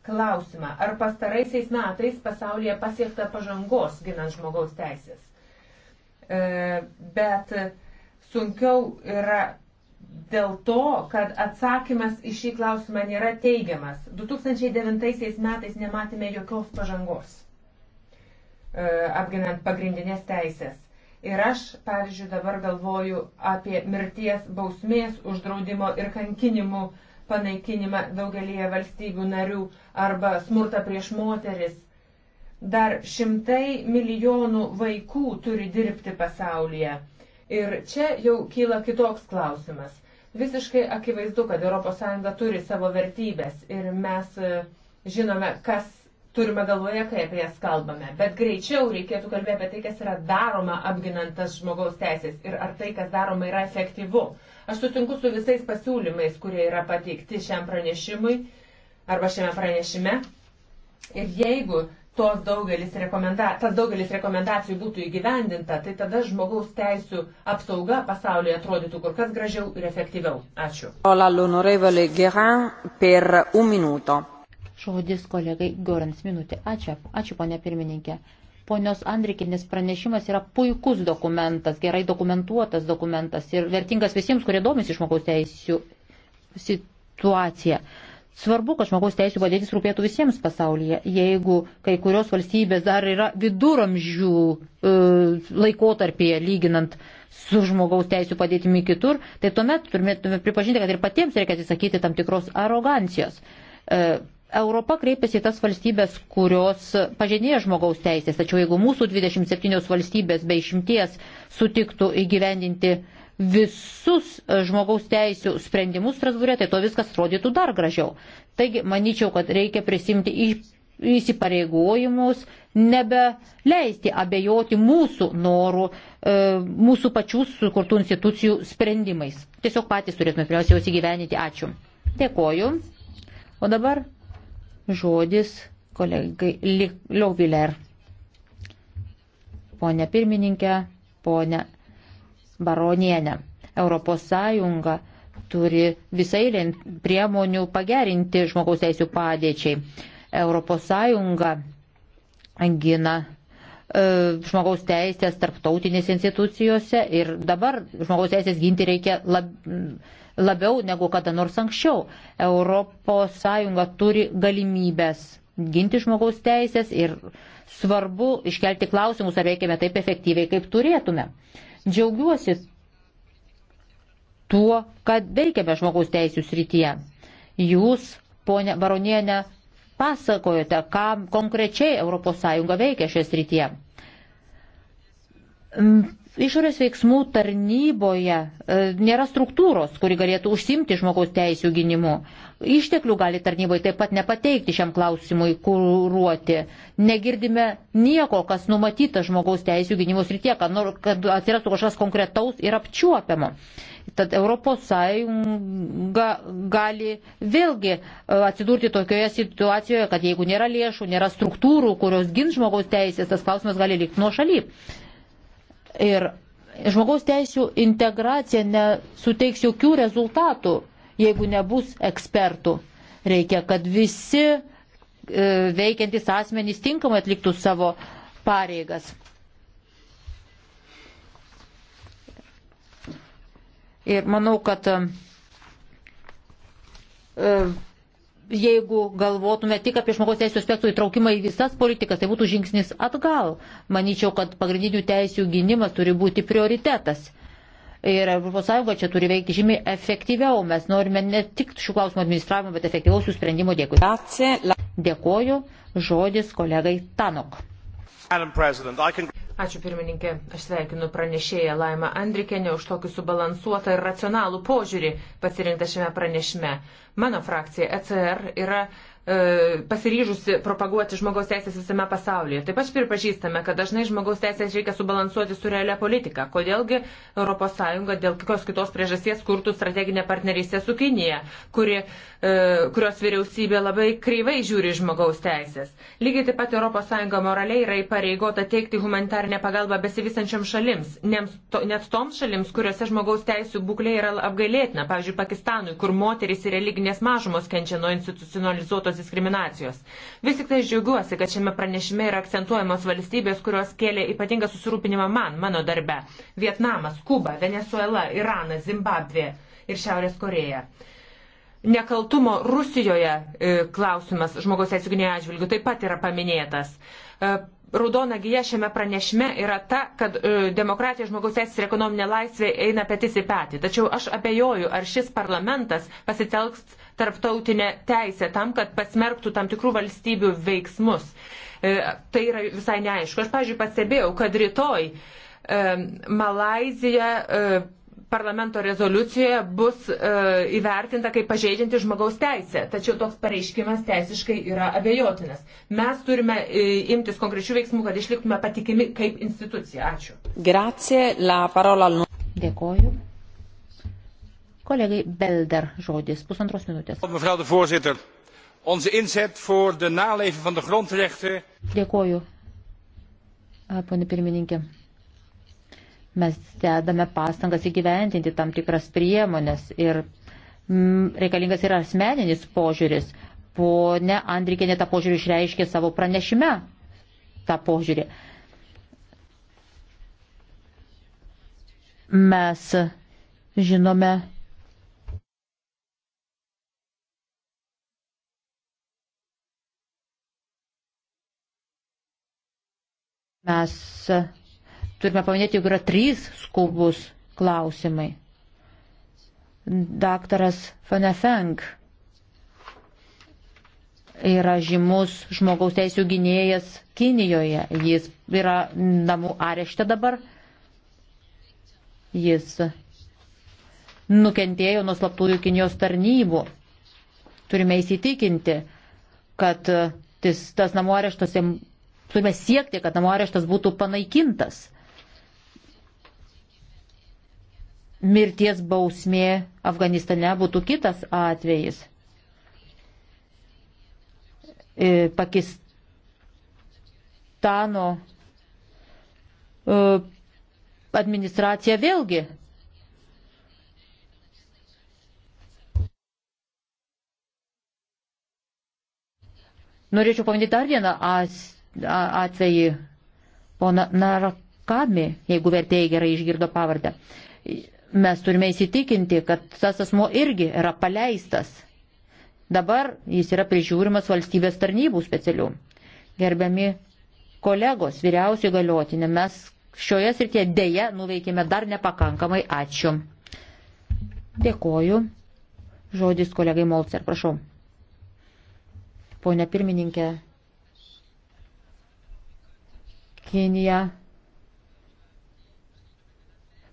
klausimą, ar pastaraisiais metais pasaulyje pasiekta pažangos ginant žmogaus teisės. E, bet sunkiau yra dėl to, kad atsakymas į šį klausimą nėra teigiamas. 2009 metais nematėme jokios pažangos e, apginant pagrindinės teisės. Ir aš, pavyzdžiui, dabar galvoju apie mirties bausmės uždraudimo ir kankinimų panaikinimą daugelįje valstybių narių arba smurtą prieš moteris. Dar šimtai milijonų vaikų turi dirbti pasaulyje. Ir čia jau kyla kitoks klausimas. Visiškai akivaizdu, kad ES turi savo vertybės ir mes e, žinome, kas turime galvoje, kai apie jas kalbame. Bet greičiau reikėtų kalbėti apie tai, kas yra daroma apginant tas žmogaus teisės ir ar tai, kas daroma, yra efektyvu. Aš sutinku su visais pasiūlymais, kurie yra pateikti šiam pranešimui arba šiame pranešime. Ir jeigu tos daugelis, rekomenda tas daugelis rekomendacijų būtų įgyvendinta, tai tada žmogaus teisų apsauga pasaulyje atrodytų kur kas gražiau ir efektyviau. Ačiū. Žodis kolegai Gorans minutė. Ačiū. Ačiū, ponė pirmininkė. Ponios Andrikinės pranešimas yra puikus dokumentas, gerai dokumentuotas dokumentas ir vertingas visiems, kurie domisi žmogaus teisų situaciją. Uh, Svarbu, kad žmogaus teisų padėtis rūpėtų visiems pasaulyje. Jeigu kai kurios valstybės dar yra viduramžių e, laikotarpėje lyginant su žmogaus teisų padėtimi kitur, tai tuomet turėtume pripažinti, kad ir patiems reikia atsisakyti tam tikros arogancijos. E, Europa kreipiasi į tas valstybės, kurios pažinėja žmogaus teisės, tačiau jeigu mūsų 27 valstybės be išimties sutiktų įgyvendinti visus e, žmogaus teisų sprendimus Strasbūrė, tai to viskas atrodytų dar gražiau. Taigi, manyčiau, kad reikia prisimti įsipareigojimus, nebeleisti abejoti mūsų norų, e, mūsų pačių sukurtų institucijų sprendimais. Tiesiog patys turėtume pirmiausia juos įgyveninti. Ačiū. Dėkoju. O dabar žodis kolegai Liauviler. Pone pirmininkė, pone baronienę. ES turi visai priemonių pagerinti žmogaus teisų padėčiai. ES gina e, žmogaus teisės tarptautinėse institucijose ir dabar žmogaus teisės ginti reikia lab, labiau negu kada nors anksčiau. ES turi galimybės ginti žmogaus teisės ir svarbu iškelti klausimus, ar veikiame taip efektyviai, kaip turėtume. Uh, Džiaugiuosi tuo, kad veikiame žmogaus teisų srityje. Jūs, ponė Baronienė, pasakojote, kam konkrečiai ES veikia šioje srityje. Mm, Išorės veiksmų tarnyboje e, nėra struktūros, kuri galėtų užsimti žmogaus teisų gynimu. Išteklių gali tarnybai taip pat nepateikti šiam klausimui kūruoti. Negirdime nieko, kas numatyta žmogaus teisų gynimo srityje, kad, kad atsirastų kažkas konkretaus ir apčiuopiamo. Tad ES gali vėlgi e, atsidurti tokioje situacijoje, kad jeigu nėra lėšų, nėra struktūrų, kurios gins žmogaus teisės, tas klausimas gali likti nuo šaly. Ir žmogaus teisų integracija nesuteiks jokių rezultatų, jeigu nebus ekspertų. Reikia, kad visi e, veikiantis asmenys tinkamai atliktų savo pareigas. Ir manau, kad e, jeigu galvotume tik apie žmogaus teisų aspektų įtraukimą į visas politikas, tai būtų žingsnis atgal. Manyčiau, kad pagrindinių teisų gynimas turi būti prioritetas. Ir ES čia turi veikti žymiai efektyviau. Mes norime ne tik šių klausimų administravimo, bet efektyviausių sprendimų. Dėkui. Dėkoju. Žodis kolegai Tanok. Can... Ačiū pirmininkė, aš sveikinu pranešėją Laimą Andrikenę už tokį subalansuotą ir racionalų požiūrį pasirinktą šiame pranešime. Mano frakcija ECR yra E, pasiryžusi propaguoti žmogaus teisės visame pasaulyje. Taip pat pripažįstame, kad dažnai žmogaus teisės reikia subalansuoti su realia politika. Kodėlgi ES dėl kokios kitos priežasties kurtų strateginę partnerystę su Kinija, kuri, e, kurios vyriausybė labai kreivai žiūri žmogaus teisės. Lygiai taip pat ES moraliai yra įpareigota teikti humanitarinę pagalbą besivysančiam šalims, net toms šalims, kuriuose žmogaus teisų būklė yra apgailėtina, pavyzdžiui, Pakistanui, kur moteris ir religinės mažumos kenčia nuo institucionalizuoto neapykantos diskriminacijos. Vis tik tai aš džiaugiuosi, kad šiame pranešime yra akcentuojamos valstybės, kurios kėlė ypatingą susirūpinimą man, mano darbe - Vietnamas, Kuba, Venezuela, Iranas, Zimbabvė ir Šiaurės Koreja nekaltumo Rusijoje e, klausimas žmogaus teisų gynėjų atžvilgių taip pat yra paminėtas. E, raudona gyja šiame pranešime yra ta, kad e, demokratija, žmogaus teisės ir ekonominė laisvė eina petis į petį. Tačiau aš abejoju, ar šis parlamentas pasitelks tarptautinę teisę tam, kad pasmerktų tam tikrų valstybių veiksmus. E, tai yra visai neaišku. Aš, pažiūrėjau, pastebėjau, kad rytoj e, Malazija e, parlamento rezoliucijoje bus e, įvertinta kaip pažeidžianti žmogaus teisę. Tačiau toks pareiškimas teisiškai yra abejotinas. Mes turime e, imtis konkrečių veiksmų, kad išliktume patikimi kaip institucija. Ačiū. Grazie, la parola. Nu- Dėkoju. Kolegai Belder žodis, pusantros minutės. Mevrouw de voorzitter, onze inzet voor de naleven van de grondrechten. Dėkoju, ponė pirmininkė. Mes dedame pastangas įgyvendinti tam tikras priemonės ir mm, reikalingas yra asmeninis požiūris. Pone Andrikėnė tą požiūrį išreiškė savo pranešime. Ta požiūrį. Mes žinome, Mes turime paminėti, jog yra trys skubus klausimai. Daktaras Fanefeng yra žymus žmogaus teisų gynėjas Kinijoje. Jis yra namų arešte dabar. Jis nukentėjo nuo slaptųjų Kinijos tarnybų. Turime įsitikinti, kad tis, tas namų areštas jam turime siekti, kad namų areštas būtų panaikintas. Mirties bausmė Afganistane būtų kitas atvejis. E, Pakistano e, administracija vėlgi Norėčiau paminėti dar vieną as, atvejį pona Narakami, jeigu vertėjai gerai išgirdo pavardę. Mes turime įsitikinti, kad tas asmo irgi yra paleistas. Dabar jis yra prižiūrimas valstybės tarnybų specialių. Gerbiami kolegos, vyriausiai galiotinė, mes šioje srityje dėja nuveikėme dar nepakankamai. Ačiū. Dėkoju. Žodis kolegai Molcer, prašau. Pone pirmininkė, Kinija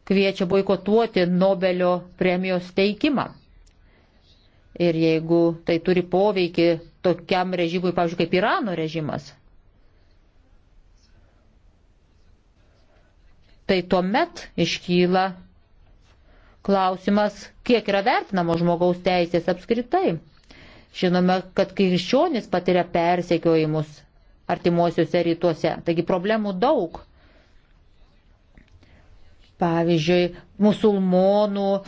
kviečia boikotuoti Nobelio premijos teikimą. Ir jeigu tai turi poveikį tokiam režimui, pavyzdžiui, kaip Irano režimas, tai tuomet iškyla klausimas, kiek yra vertinamo žmogaus teisės apskritai. Žinome, kad krikščionis patiria persekiojimus artimuosiuose rytuose. Taigi problemų daug. Pavyzdžiui, musulmonų e,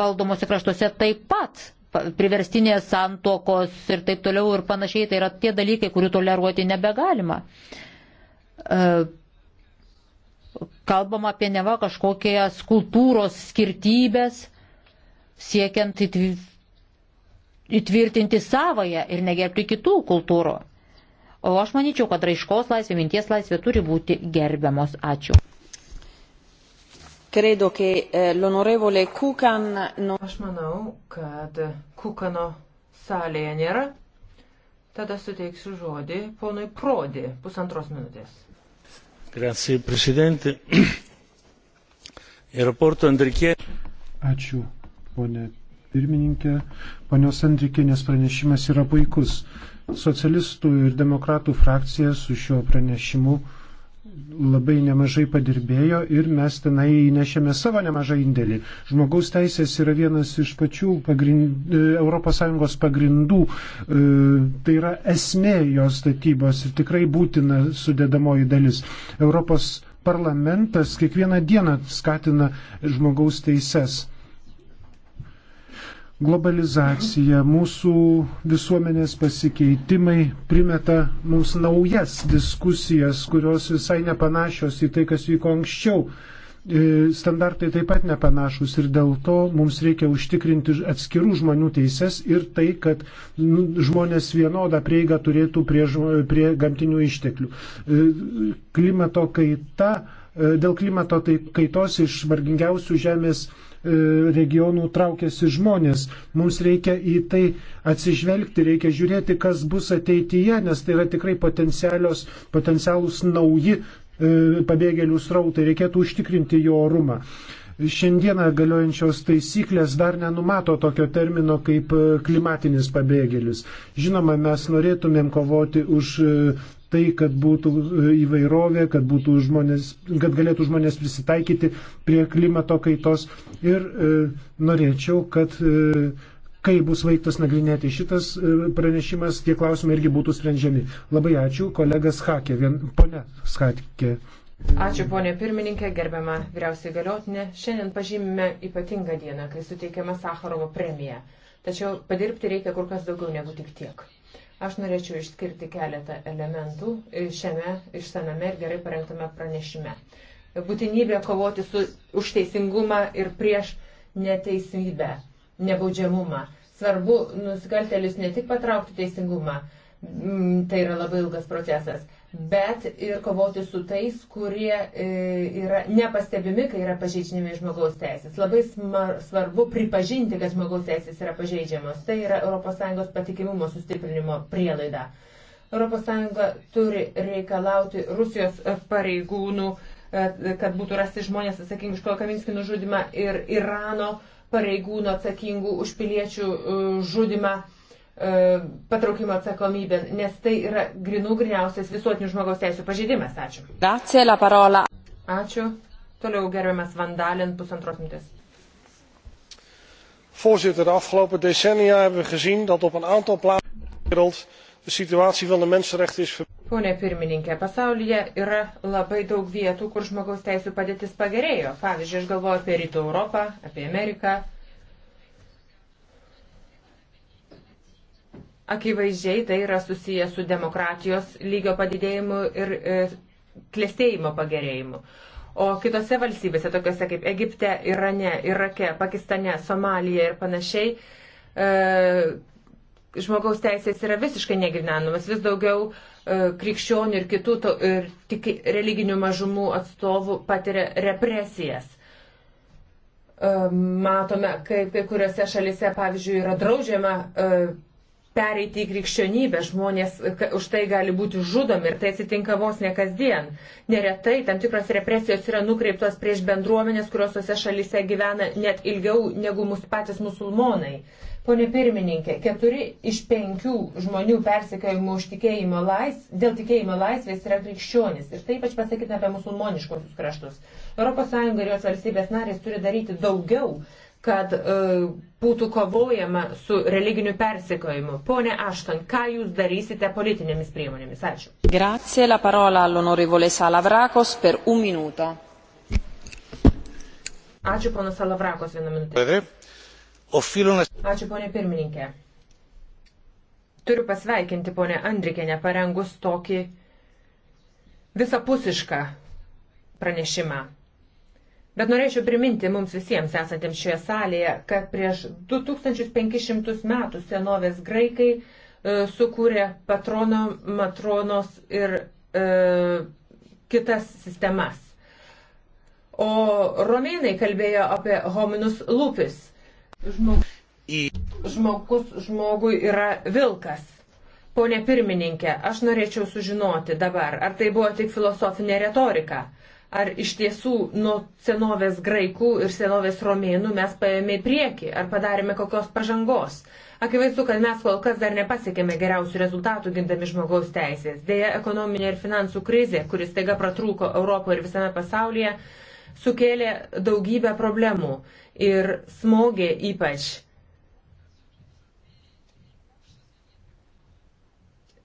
valdomose kraštuose taip pat priverstinės santokos ir taip toliau ir panašiai, tai yra tie dalykai, kurių toleruoti nebegalima. E, Kalbam apie neva kažkokias kultūros skirtybės, siekiant įtvirtinti savoje ir negerbti kitų kultūrų. O aš manyčiau, kad raiškos laisvė, minties laisvė turi būti gerbiamos. Ačiū. Credo che eh, l'onorevole Kukan. No... Aš manau, kad Kukano salėje nėra. Tada suteiksiu žodį ponui Prodi, pusantros minutės. Grazie, prezidentė. Aeroporto Andrikė. Ačiū, ponė pirmininkė. Ponios Andrikėnės pranešimas yra puikus. Socialistų ir demokratų frakcija su šiuo pranešimu labai nemažai padirbėjo ir mes tenai įnešėme savo nemažą indėlį. Žmogaus teisės yra vienas iš pačių pagrind, ES pagrindų, e, tai yra esmė jos statybos ir tikrai būtina sudėdamoji dalis. Europos parlamentas kiekvieną dieną skatina žmogaus teises Globalizacija, mūsų visuomenės pasikeitimai primeta mums naujas diskusijas, kurios visai nepanašios į tai, kas vyko anksčiau. E, standartai taip pat nepanašus ir dėl to mums reikia užtikrinti atskirų žmonių teises ir tai, kad nu, žmonės vienodą prieigą turėtų prie, prie gamtinių išteklių. E, klimato kaita e, dėl klimato tai- kaitos iš vargingiausių žemės E, regionų traukiasi žmonės. Mums reikia į tai atsižvelgti, reikia žiūrėti, kas bus ateityje, nes tai yra tikrai potencialūs nauji e, pabėgėlių srautai, reikėtų užtikrinti jo orumą. Šiandieną galiojančios taisyklės dar nenumato tokio termino kaip e, klimatinis pabėgėlis. Žinoma, mes norėtumėm kovoti už tai, kad būtų e, įvairovė, kad, būtų žmonės, kad galėtų žmonės prisitaikyti prie klimato kaitos. Ir e, norėčiau, kad e, kai bus vaiktas nagrinėti šitas e, pranešimas, tie klausimai irgi būtų sprendžiami. Labai ačiū, kolegas Hakė, vien, ponė Skatkė. Ačiū ponė pirmininkė, gerbiama vyriausiai galiotinė. Šiandien pažymime ypatingą dieną, kai suteikiama Sakarovo premija. Tačiau padirbti reikia kur kas daugiau negu tik tiek. Aš norėčiau išskirti keletą elementų šiame išsamiame ir gerai parengtame pranešime. Būtinybė kovoti su, už teisingumą ir prieš neteisybę, nebaudžiamumą. Svarbu nusikaltelis ne tik patraukti teisingumą, tai yra labai ilgas procesas, bet ir kovoti su tais, kurie e, yra nepastebimi, kai yra pažeidžiami žmogaus teisės. Labai svarbu pripažinti, kad žmogaus teisės yra pažeidžiamos. Tai yra ES patikimumo sustiprinimo prielaida. ES turi reikalauti Rusijos pareigūnų, e, kad būtų rasti žmonės atsakingi už Kolkavinskį nužudimą ir Irano pareigūnų atsakingų už piliečių e, žudimą E, patraukimo atsakomybė, nes tai yra grinų griniausias visuotinių žmogaus teisų pažeidimas. Ačiū. Grazie la parola. Ačiū. Toliau gerbiamas Vandalin pusantros minutės. Voorzitter, de afgelopen decennia hebben we gezien dat op een aantal plaatsen in de wereld de situatie van de mensenrechten is verbeterd. Pone pirmininkė, pasaulyje yra labai daug vietų, kur žmogaus teisų padėtis pagerėjo. Pavyzdžiui, aš galvoju apie Rytų Europą, apie Ameriką, Akivaizdžiai tai yra susiję su demokratijos lygio padidėjimu ir e, klėstėjimo pagerėjimu. O kitose valstybėse, tokiuose kaip Egipte, Irane, Irake, Pakistane, Somalija ir panašiai, e, žmogaus teisės yra visiškai negrinanamas. Vis daugiau e, krikščionių ir kitų to, ir tik religinių mažumų atstovų patiria represijas. E, matome, kaip kai kuriuose šalise, pavyzdžiui, yra draudžiama e, pereiti į krikščionybę, žmonės už tai gali būti žudomi ir tai atsitinka vos ne kasdien. Neretai tam tikros represijos yra nukreiptos prieš bendruomenės, kurios tose šalyse gyvena net ilgiau negu mūsų patys musulmonai. Pone pirmininkė, keturi iš penkių žmonių persikėjimų laisv... dėl tikėjimo laisvės yra krikščionis. Ir tai ypač pasakytina apie musulmoniškosius kraštus. ES ir jos valstybės narės turi daryti daugiau, kad e, būtų kovojama su religiniu persikojimu. Pone Ašton, ką jūs darysite politinėmis priemonėmis? Ačiū. Grazie, la parola all'onorevole Salavrakos per un minuto. Ačiū, ponas Salavrakos, vieną minutę. Ačiū, ponė pirmininkė. Turiu pasveikinti ponę Andrikienę parengus tokį visapusišką pranešimą. Bet norėčiau priminti mums visiems esantiems šioje salėje, kad prieš 2500 metų senovės graikai e, sukūrė patrono, matronos ir e, kitas sistemas. O romėnai kalbėjo apie hominus lupis. Žmog... Žmogus žmogui yra vilkas. Pone pirmininkė, aš norėčiau sužinoti dabar, ar tai buvo tik filosofinė retorika ar iš tiesų nuo senovės graikų ir senovės romėnų mes paėmė į priekį, ar padarėme kokios pažangos. Akivaizdu, kad mes kol kas dar nepasiekėme geriausių rezultatų gindami žmogaus teisės. Deja, ekonominė ir finansų krizė, kuris taiga pratrūko Europoje ir visame pasaulyje, sukėlė daugybę problemų ir smogė ypač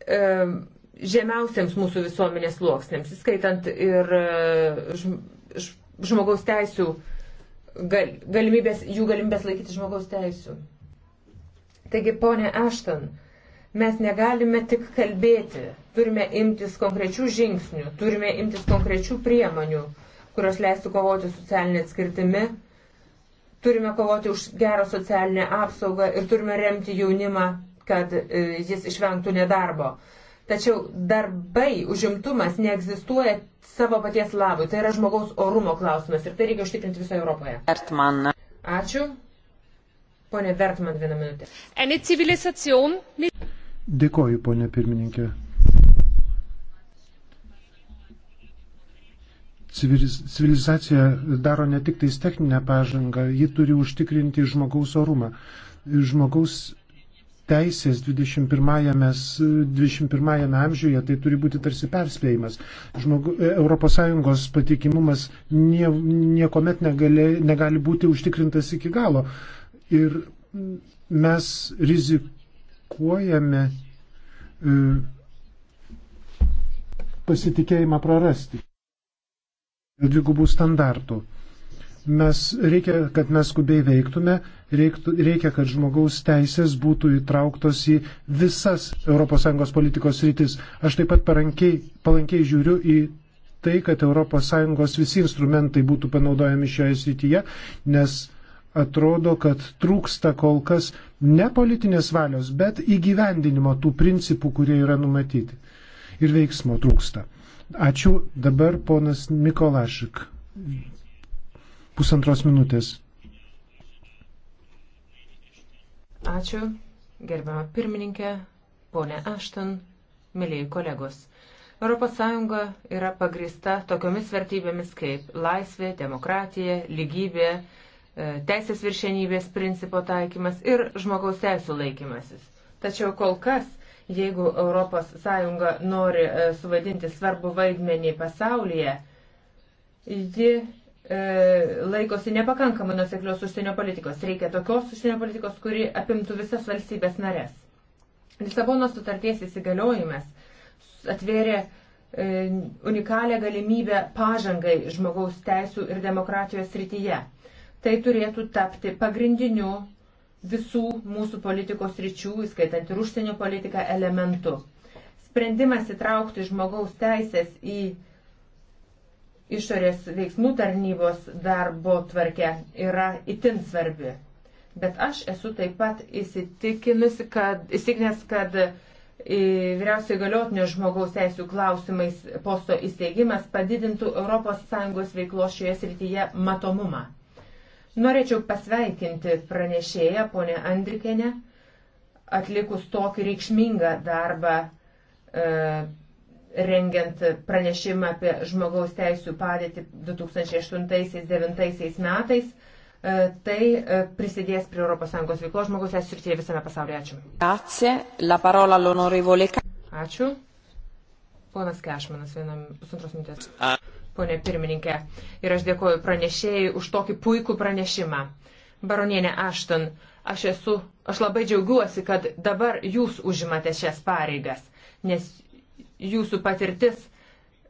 um, žemiausiams mūsų visuomenės sluoksniams, įskaitant ir e, žmogaus teisų, gal, galimybės, jų galimybės laikyti žmogaus teisų. Taigi, ponė Ašton, mes negalime tik kalbėti, turime imtis konkrečių žingsnių, turime imtis konkrečių priemonių, kurios leistų kovoti socialinė atskirtimi, turime kovoti už gerą socialinę apsaugą ir turime remti jaunimą, kad e, jis išvengtų nedarbo. Tačiau darbai, užimtumas neegzistuoja savo paties labui. Tai yra žmogaus orumo klausimas ir tai reikia užtikrinti visoje Europoje. Vertman. Ačiū. Pone Vertman, vieną minutę. Dėkoju, ponė pirmininkė. Civilizacija daro ne tik tais techninę pažangą, ji turi užtikrinti žmogaus orumą. Žmogaus teisės 21-ame 21 amžiuje, tai turi būti tarsi perspėjimas. Žmogu, ES patikimumas nie, niekuomet negali, negali būti užtikrintas iki galo. Ir mes rizikuojame e, pasitikėjimą prarasti dėl dvigubų standartų. Mes reikia, kad mes skubiai veiktume, reiktų, reikia, kad žmogaus teisės būtų įtrauktos į visas ES politikos rytis. Aš taip pat parankiai, palankiai žiūriu į tai, kad ES visi instrumentai būtų panaudojami šioje srityje, nes atrodo, kad trūksta kol kas ne politinės valios, bet įgyvendinimo tų principų, kurie yra numatyti. Ir veiksmo trūksta. Ačiū. Dabar ponas Mikolašik pusantros minutės. Ačiū, gerbiama pirmininkė, ponė Ašton, mėlyjei kolegos. ES yra pagrįsta tokiomis vertybėmis kaip laisvė, demokratija, lygybė, e, teisės viršenybės principo taikymas ir žmogaus teisų laikymasis. Tačiau kol kas, jeigu ES nori e, suvadinti svarbu vaidmenį pasaulyje, ji E, laikosi nepakankamai nuseklios užsienio politikos. Reikia tokios užsienio politikos, kuri apimtų visas valstybės narės. Lisabonos sutarties įsigaliojimas atvėrė e, unikalią galimybę pažangai žmogaus teisų ir demokratijos rytyje. Tai turėtų tapti pagrindiniu visų mūsų politikos ryčių, įskaitant ir užsienio politiką, elementu. Sprendimas įtraukti žmogaus teisės į išorės veiksmų tarnybos darbo tvarkė yra itin svarbi. Bet aš esu taip pat įsitikinusi, kad, įsitikinęs, kad e, vyriausiai galiotinio žmogaus teisų klausimais posto įsteigimas padidintų ES veiklos šioje srityje matomumą. Norėčiau pasveikinti pranešėją, ponę Andrikenę, atlikus tokį reikšmingą darbą e, rengiant pranešimą apie žmogaus teisų padėtį 2008-2009 metais. E, tai e, prisidės prie ES veiklos žmogaus teisų srityje visame pasaulyje. Ačiū. Ačiū. Ačiū. Ponas Kešmanas, vienam pusantros minutės. Pone pirmininkė, ir aš dėkoju pranešėjai už tokį puikų pranešimą. Baronienė Ašton, aš esu, aš labai džiaugiuosi, kad dabar jūs užimate šias pareigas, nes jūsų patirtis,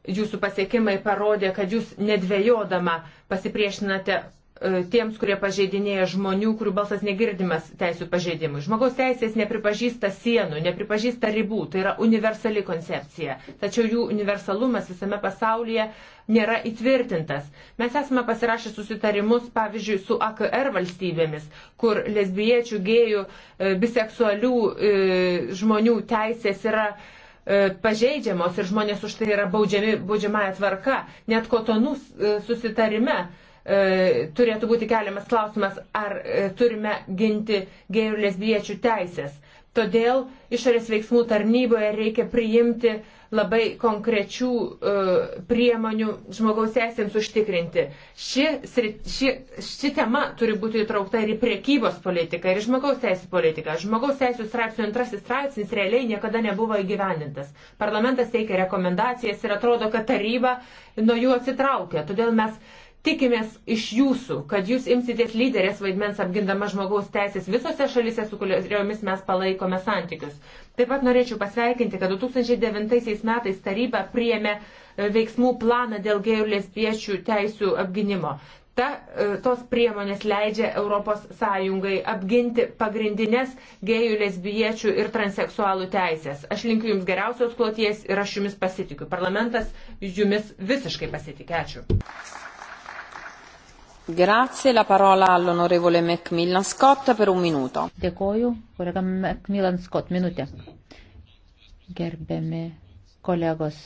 jūsų pasiekimai parodė, kad jūs nedvėjodama pasipriešinate e, tiems, kurie pažeidinėja žmonių, kurių balsas negirdimas teisų pažeidimui. Žmogaus teisės nepripažįsta sienų, nepripažįsta ribų, tai yra universali koncepcija. Tačiau jų universalumas visame pasaulyje nėra įtvirtintas. Mes esame pasirašę susitarimus, pavyzdžiui, su AKR valstybėmis, kur lesbiečių, gėjų, e, biseksualių e, žmonių teisės yra E, pažeidžiamos ir žmonės už tai yra baudžiami baudžiamąją tvarka. Net kotonų e, susitarime e, turėtų būti keliamas klausimas, ar turime ginti gėjų ir lesbiečių teisės. Todėl išorės veiksmų tarnyboje reikia priimti labai konkrečių uh, priemonių žmogaus teisėms užtikrinti. Ši, ši, ši tema turi būti įtraukta ir į priekybos politiką, ir į žmogaus teisų politiką. Žmogaus teisų straipsnių antrasis straipsnis realiai niekada nebuvo įgyvendintas. Parlamentas teikia rekomendacijas ir atrodo, kad taryba nuo jų atsitraukia. Todėl mes Tikimės iš jūsų, kad jūs imsitės lyderės vaidmens apgindama žmogaus teisės visose šalise, su kuriomis mes palaikome santykius. Taip pat norėčiau pasveikinti, kad 2009 metais taryba priėmė e, veiksmų planą dėl gėjų ir lesbiečių teisų apginimo. Ta, e, tos priemonės leidžia ES apginti pagrindinės gėjų, lesbiečių ir transeksualų teisės. Aš linkiu Jums geriausios kloties ir aš Jumis pasitikiu. Parlamentas Jumis visiškai pasitikė. Ačiū. Grazie, la parola all'onorevole Macmillan Scott per un minuto. Dėkoju, kolega Macmillan Scott, minutė. Gerbiami kolegos,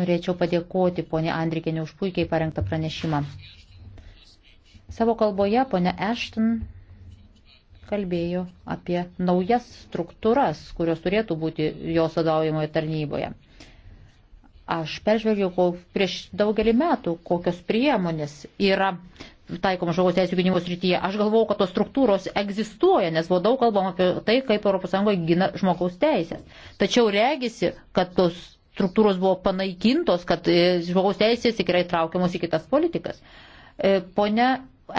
norėčiau padėkoti ponė Andrikinė už puikiai parengtą pranešimą. Savo kalboje ponė Ashton kalbėjo apie naujas struktūras, kurios turėtų būti jos vadovaujamoje tarnyboje. Aš peržvelgiau prieš daugelį metų, kokios priemonės yra taikom žmogaus teisų gynybos rytyje. Aš galvau, kad tos struktūros egzistuoja, nes buvo daug kalbama apie tai, kaip ES gina žmogaus teisės. Tačiau regisi, kad tos struktūros buvo panaikintos, kad e, žmogaus teisės tikrai traukiamos į kitas politikas. E, Pone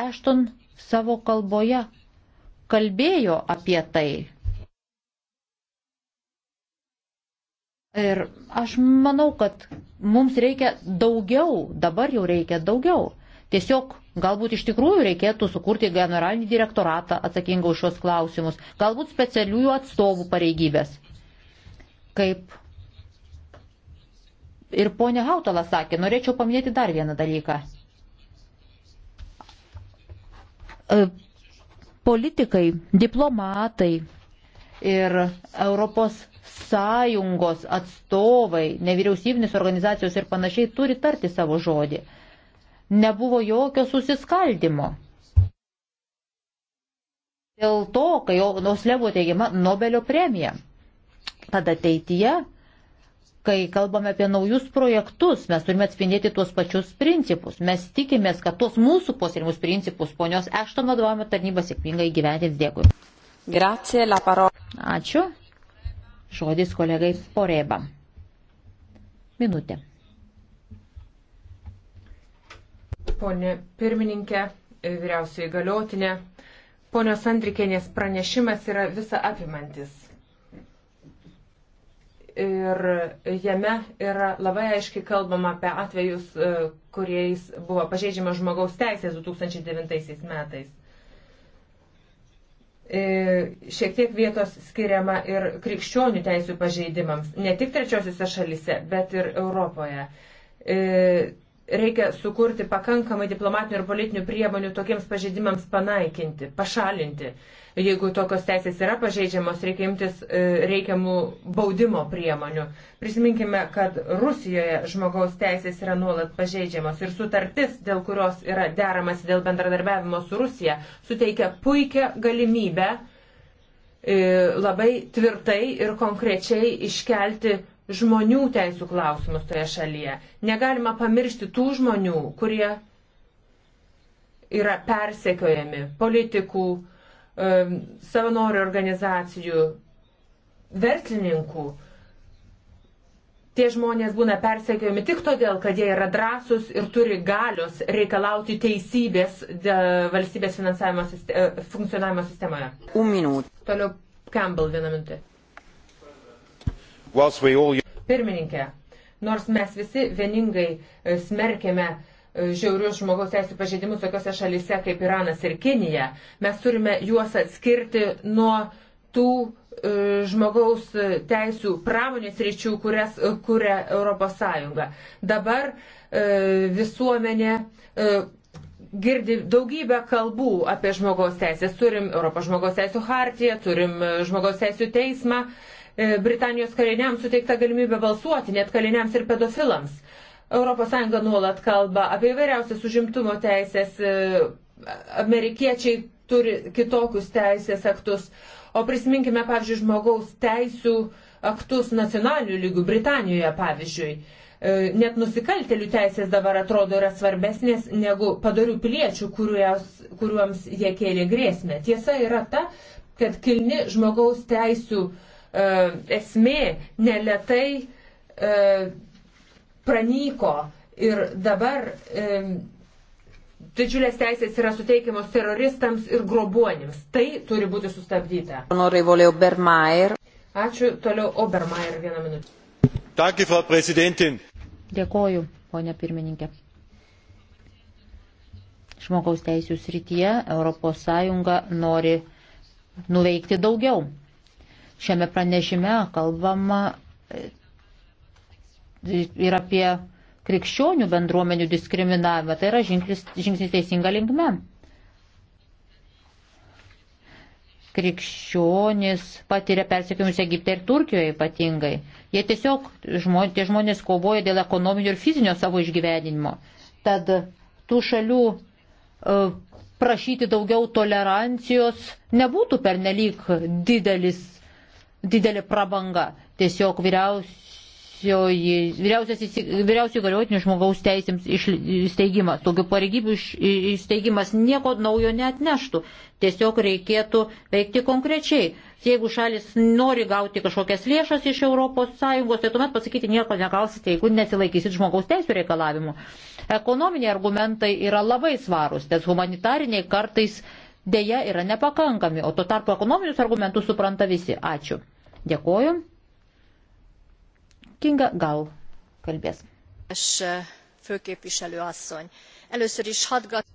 Ešton savo kalboje kalbėjo apie tai, Ir aš manau, kad mums reikia daugiau, dabar jau reikia daugiau. Tiesiog galbūt iš tikrųjų reikėtų sukurti generalinį direktoratą atsakingą už šios klausimus, galbūt specialiųjų atstovų pareigybės. Kaip ir ponė Hautala sakė, norėčiau paminėti dar vieną dalyką. E, politikai, diplomatai ir Europos sąjungos atstovai, nevyriausybinės organizacijos ir panašiai turi tarti savo žodį. Nebuvo jokio susiskaldimo. Dėl to, kai Osle buvo teigiama Nobelio premija. Tad ateityje, kai kalbame apie naujus projektus, mes turime atspindėti tuos pačius principus. Mes tikimės, kad tuos mūsų posėlimus principus ponios Ešton vadovavimo tarnyba sėkmingai gyventins. Dėkui. Grazie, la parola. Ačiū. Žodis kolegai Poreba. Minutė. Pone pirmininkė, vyriausioji galiotinė, ponios Andrikienės pranešimas yra visa apimantis. Ir jame yra labai aiškiai kalbama apie atvejus, kuriais buvo pažeidžiama žmogaus teisės 2009 metais. E, šiek tiek vietos skiriama ir krikščionių teisų pažeidimams, ne tik trečiosiuose šalise, bet ir Europoje. E, reikia sukurti pakankamai diplomatinių ir politinių priemonių tokiems pažeidimams panaikinti, pašalinti. Jeigu tokios teisės yra pažeidžiamos, reikia imtis e, reikiamų baudimo priemonių. Prisiminkime, kad Rusijoje žmogaus teisės yra nuolat pažeidžiamos ir sutartis, dėl kurios yra deramas dėl bendradarbiavimo su Rusija, suteikia puikią galimybę e, labai tvirtai ir konkrečiai iškelti žmonių teisų klausimus toje šalyje. Negalima pamiršti tų žmonių, kurie yra persekiojami politikų, Um, savanorių organizacijų, verslininkų. Tie žmonės būna persekiojami tik todėl, kad jie yra drąsūs ir turi galios reikalauti teisybės valstybės finansavimo sistem, e, funkcionavimo sistemoje. Un minut. Toliau Campbell vieną minutę. All... Pirmininkė, nors mes visi vieningai e, smerkėme uh, žiaurius žmogaus teisų pažeidimus tokiose šalise kaip Iranas ir Kinija, mes turime juos atskirti nuo tų e, žmogaus teisų pramonės ryčių, kurias e, kuria ES. Dabar e, visuomenė girdi daugybę kalbų apie žmogaus teisės. Turim Europos žmogaus teisų hartiją, turim žmogaus teisų teismą. Britanijos kaliniams suteikta galimybė balsuoti, net kaliniams ir pedofilams. ES nuolat kalba apie įvairiausias užimtumo teisės, e, amerikiečiai turi kitokius teisės aktus, o prisiminkime, pavyzdžiui, žmogaus teisų aktus nacionalinių lygių, Britanijoje, pavyzdžiui. E, net nusikaltelių teisės dabar atrodo yra svarbesnės negu padarių piliečių, kuriuoms jie kėlė grėsmę. Tiesa yra ta, kad kilni žmogaus teisų uh, esmė neletai uh, pranyko ir dabar e, didžiulės teisės yra suteikiamos teroristams ir grobuonims. Tai turi būti sustabdyta. Ačiū toliau Obermeier vieną minutę. Danke, Frau Präsidentin. Dėkoju, ponia pirmininkė. Žmogaus teisų srityje ES nori nuveikti daugiau. Šiame pranešime kalbama ir apie krikščionių bendruomenių diskriminavimą. Tai yra žingsnis, žingsnis teisinga linkme. Krikščionys patiria persekiojimus Egipte ir Turkijoje ypatingai. Jie tiesiog, žmonės, tie žmonės kovoja dėl ekonominio ir fizinio savo išgyvenimo. Tad tų šalių e, prašyti daugiau tolerancijos nebūtų pernelyg didelis, didelė prabanga. Tiesiog vyriausiai vyriausiai galiotinių žmogaus teisėms įsteigimas, tokių pareigybių įsteigimas nieko naujo net neštų. Tiesiog reikėtų veikti konkrečiai. Jeigu šalis nori gauti kažkokias lėšas iš ES, tai tuomet pasakyti nieko negausite, jeigu nesilaikysit žmogaus teisų reikalavimų. Ekonominiai argumentai yra labai svarūs, nes humanitariniai kartais dėja yra nepakankami, o tuo tarpu ekonominius argumentus supranta visi. Ačiū. Dėkuoju. Kinga Gal kalbės. Aš e, főképviselő asszony. Először is hadgat...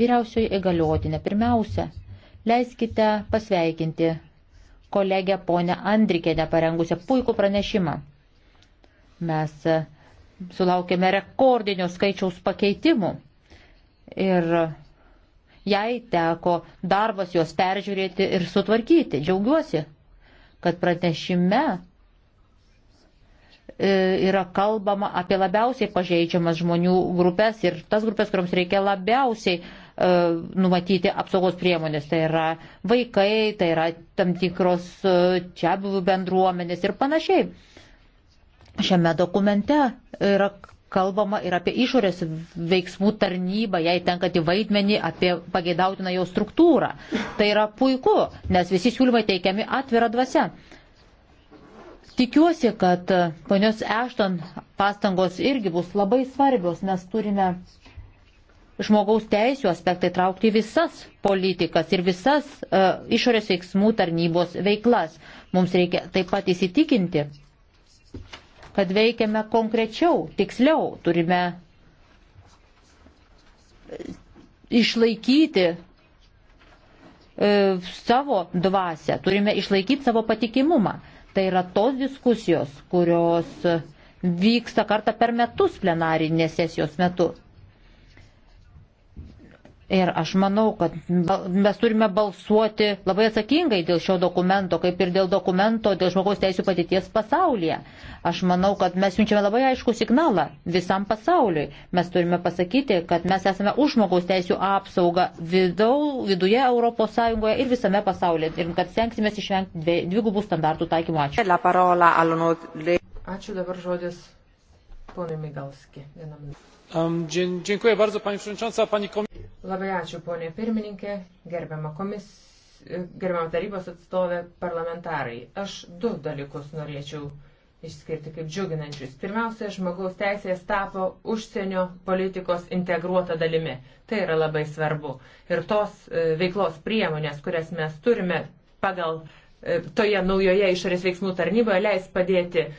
Vyriausioji įgaliotinė, pirmiausia, leiskite pasveikinti kolegę ponę Andrikėnę parengusią puikų pranešimą. Mes e, sulaukėme rekordinio skaičiaus pakeitimų ir jai teko darbas juos peržiūrėti ir sutvarkyti. Džiaugiuosi, kad pranešime E, yra kalbama apie labiausiai pažeidžiamas žmonių grupės ir tas grupės, kuriams reikia labiausiai e, numatyti apsaugos priemonės. Tai yra vaikai, tai yra tam tikros e, čia buvų bendruomenės ir panašiai. Šiame dokumente yra kalbama ir apie išorės veiksmų tarnybą, jai tenkantį vaidmenį, apie pageidautiną jo struktūrą. Tai yra puiku, nes visi siūlymai teikiami atvira dvasia. Tikiuosi, kad ponios Ešton pastangos irgi bus labai svarbios. Mes turime žmogaus teisų aspektai traukti visas politikas ir visas uh, išorės veiksmų tarnybos veiklas. Mums reikia taip pat įsitikinti, kad veikiame konkrečiau, tiksliau, turime išlaikyti uh, savo dvasę, turime išlaikyti savo patikimumą. Uh, Tai yra tos diskusijos, kurios vyksta kartą per metus plenarinės sesijos metu. Ir aš manau, kad mes turime balsuoti labai atsakingai dėl šio dokumento, kaip ir dėl dokumento, dėl žmogaus teisų patyties pasaulyje. Aš manau, kad mes siunčiame labai aišku signalą visam pasauliui. Mes turime pasakyti, kad mes esame už žmogaus teisų apsaugą vidau, viduje ES ir visame pasaulyje. Ir kad stengsime išvengti dvigubų standartų taikymų. Ačiū. Ačiū dabar žodis ponui Migalski. Um, dziękuję bardzo pani przewodnicząca, pani komisarz. Labai ačiū, ponė pirmininkė, gerbiama komis, gerbiama tarybos atstovė, parlamentarai. Aš du dalykus norėčiau išskirti kaip džiuginančius. Pirmiausia, žmogaus teisės tapo užsienio politikos integruota dalimi. Tai yra labai svarbu. Ir tos e, veiklos priemonės, kurias mes turime pagal e, toje naujoje išorės veiksmų tarnyboje, leis padėti e,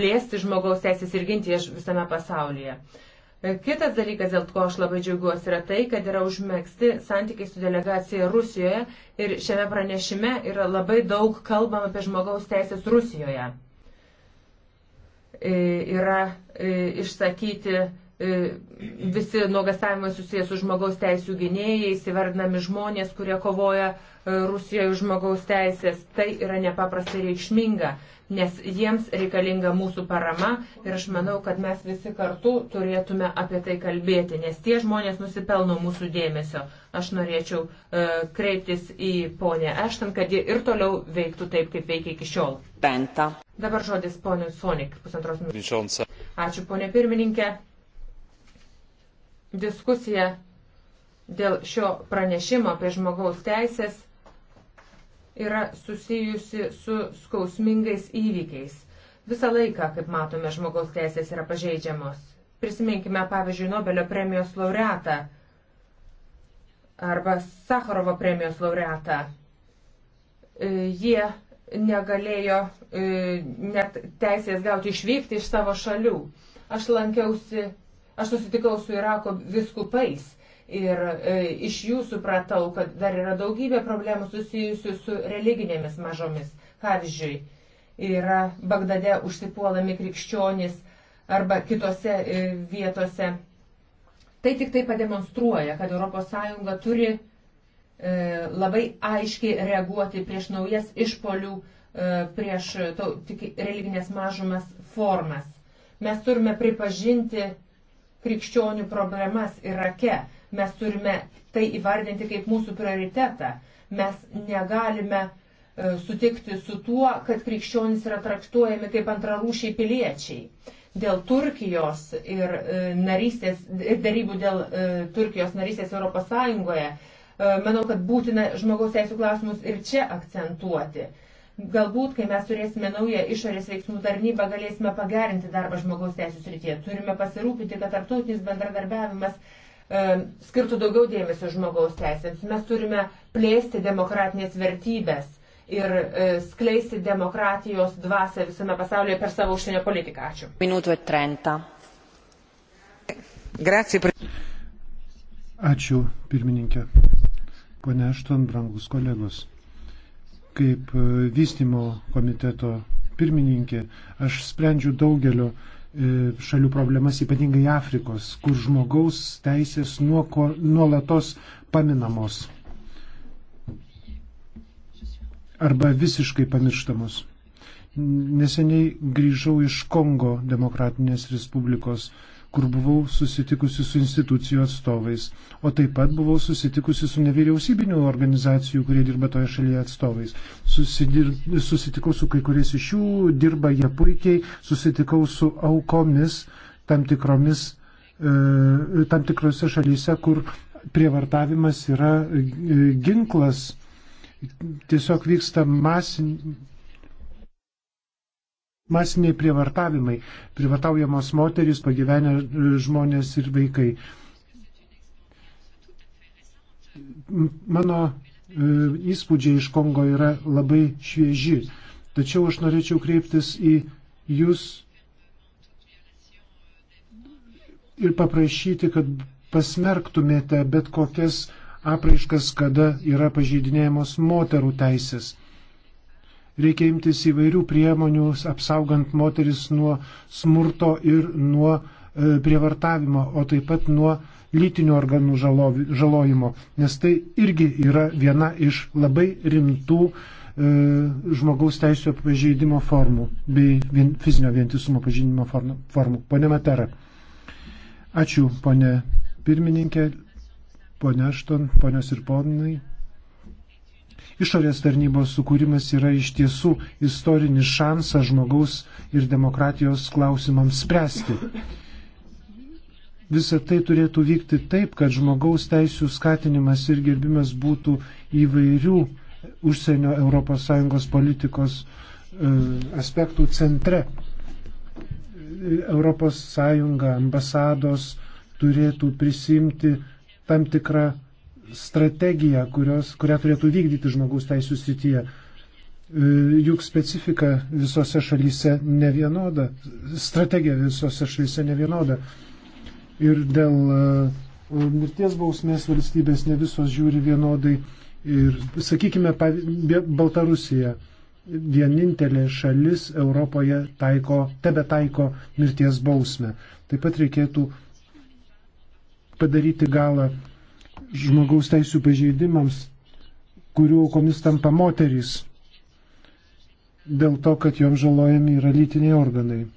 plėsti žmogaus teisės ir ginti jas visame pasaulyje. E, kitas dalykas, dėl ko aš labai džiaugiuosi, yra tai, kad yra užmėgsti santykiai su delegacija Rusijoje ir šiame pranešime yra labai daug kalbama apie žmogaus teisės Rusijoje. E, yra e, išsakyti E, visi nuogastavimai susijęs su žmogaus teisų gynėjais, įvardinami žmonės, kurie kovoja e, Rusijoje už žmogaus teisės. Tai yra nepaprastai reikšminga, nes jiems reikalinga mūsų parama ir aš manau, kad mes visi kartu turėtume apie tai kalbėti, nes tie žmonės nusipelno mūsų dėmesio. Aš norėčiau e, kreiptis į ponę Ešton, kad ji ir toliau veiktų taip, kaip veikia iki šiol. Penta. Dabar žodis ponui Sonik, pusantros minutės. Ačiū, ponė pirmininkė diskusija dėl šio pranešimo apie žmogaus teisės yra susijusi su skausmingais įvykiais. Visą laiką, kaip matome, žmogaus teisės yra pažeidžiamos. Prisiminkime, pavyzdžiui, Nobelio premijos laureatą arba Sakarovo premijos laureatą. E, jie negalėjo e, net teisės gauti išvykti iš savo šalių. Aš lankiausi Aš susitikau su Irako viskupais ir e, iš jų supratau, kad dar yra daugybė problemų susijusių su religinėmis mažomis. Pavyzdžiui, yra Bagdade užsipuolami krikščionys arba kitose e, vietose. Tai tik tai pademonstruoja, kad ES turi e, labai aiškiai reaguoti prieš naujas išpolių, e, prieš to, tik, religinės mažumas formas. Mes turime pripažinti krikščionių problemas Irake. Mes turime tai įvardinti kaip mūsų prioritetą. Mes negalime e, sutikti su tuo, kad krikščionys yra traktuojami kaip antrarūšiai piliečiai. Dėl Turkijos ir, e, narystės, ir darybų dėl e, Turkijos narystės ES, manau, kad būtina žmogaus teisų klausimus ir čia akcentuoti Galbūt, kai mes turėsime naują išorės veiksmų tarnybą, galėsime pagerinti darbą žmogaus teisų srityje. Turime pasirūpinti, kad tarptautinis bendradarbiavimas e, skirtų daugiau dėmesio žmogaus teisėms. Mes turime plėsti demokratinės vertybės ir e, skleisti demokratijos dvasę visame pasaulyje per savo užsienio politiką. Ačiū. Minutų 30. E Grazie. Ačiū, pirmininkė. Pane Ašton, brangus kolegos. Kaip e, vystimo komiteto pirmininkė, aš sprendžiu daugelio e, šalių problemas, ypatingai Afrikos, kur žmogaus teisės nuolatos paminamos arba visiškai pamirštamos. Neseniai grįžau iš Kongo Demokratinės Respublikos kur buvau susitikusi su institucijų atstovais, o taip pat buvau susitikusi su nevyriausybinių organizacijų, kurie dirba toje šalyje atstovais. Susidir... Susitikau su kai kuriais iš jų, dirba jie puikiai, susitikau su aukomis tam tikromis e, tam tikrose šalyse, kur prievartavimas yra e, ginklas, tiesiog vyksta masin, masiniai prievartavimai, prievartaujamos moterys, pagyvenę žmonės ir vaikai. Mano e, įspūdžiai iš Kongo yra labai švieži, tačiau aš norėčiau kreiptis į jūs ir paprašyti, kad pasmerktumėte bet kokias apraiškas, kada yra pažydinėjamos moterų teisės. Reikia imtis įvairių priemonių, apsaugant moteris nuo smurto ir nuo e, prievartavimo, o taip pat nuo lytinių organų žalo, žalojimo, nes tai irgi yra viena iš labai rimtų e, žmogaus teisų pažeidimo formų bei vien, fizinio vientisumo pažeidimo formų. Pone Matera. Ačiū, ponė pirmininkė, ponė Šton, ponios ir ponai. Išorės tarnybos sukūrimas yra iš tiesų istorinis šansas žmogaus ir demokratijos klausimams spręsti. Visą tai turėtų vykti taip, kad žmogaus teisų skatinimas ir gerbimas būtų įvairių užsienio ES politikos e, aspektų centre. ES ambasados turėtų prisimti tam tikrą strategiją, kurios, kurią turėtų vykdyti žmogaus teisų srityje. E, juk specifika visose šalyse nevienoda, strategija visose šalyse nevienoda. Ir dėl e, mirties bausmės valstybės ne visos žiūri vienodai. Ir, sakykime, Baltarusija vienintelė šalis Europoje taiko, tebe taiko mirties bausmę. Taip pat reikėtų padaryti galą žmogaus teisų pažeidimams, kurių aukomis tampa moterys, dėl to, kad joms žalojami yra lytiniai organai. E,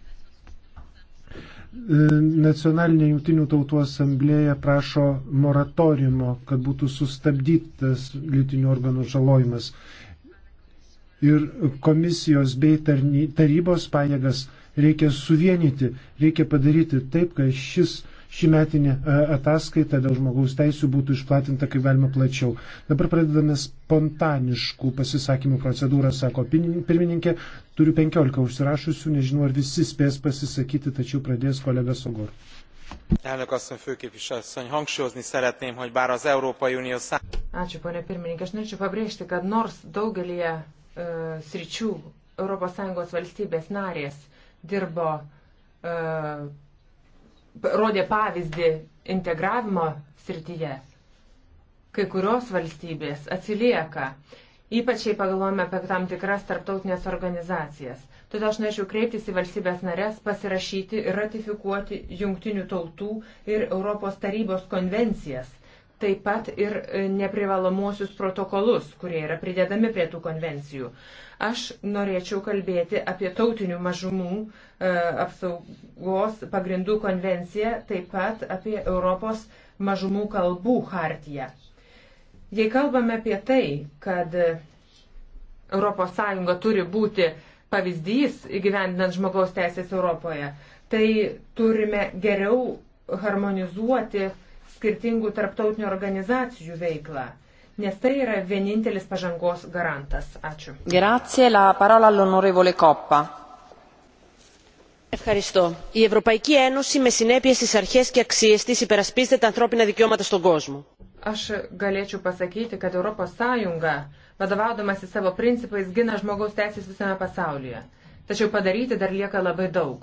Nacionalinė jungtinių tautų asamblėja prašo moratoriumo, kad būtų sustabdytas lytinių organų žalojimas. Ir komisijos bei tarnybos pajėgas reikia suvienyti, reikia padaryti taip, kad šis ši metinė e, ataskaita dėl žmogaus teisų būtų išplatinta kaip galima plačiau. Dabar pradedame spontaniškų pasisakymų procedūrą, sako pirmininkė. Turiu 15 užsirašusių, nežinau ar visi spės pasisakyti, tačiau pradės kolega Sogor. Elnök asszony, főképviselőasszony, hangsúlyozni szeretném, hogy bár az Európai Unió szám... Ačiū, ponė pirmininkė. Aš norėčiau pabrėžti, kad nors daugelie uh, e, sričių ES valstybės narės dirbo uh, e, rodė pavyzdį integravimo srityje, kai kurios valstybės atsilieka, ypač jei pagalvojame apie tam tikras tarptautinės organizacijas. Todėl aš norėčiau kreiptis į valstybės narės pasirašyti ir ratifikuoti jungtinių tautų ir Europos tarybos konvencijas, taip pat ir e, neprivalomuosius protokolus, kurie yra pridedami prie tų konvencijų. Aš norėčiau kalbėti apie tautinių mažumų e, apsaugos pagrindų konvenciją, taip pat apie Europos mažumų kalbų hartiją. Jei kalbame apie tai, kad ES turi būti pavyzdys įgyvendinant žmogaus teisės Europoje, tai turime geriau harmonizuoti skirtingų tarptautinių organizacijų veiklą nes tai yra vienintelis pažangos garantas. Ačiū. Grazie, la parola all'onorevole Coppa. Ευχαριστώ. Η Ευρωπαϊκή Ένωση με συνέπειε στις αρχές και αξίες της υπερασπίζεται τα ανθρώπινα δικαιώματα στον κόσμο. Aš galėčiau pasakyti, kad ES, vadovaudamasi savo principais, gina žmogaus teisės visame pasaulyje. Tačiau padaryti dar lieka labai daug.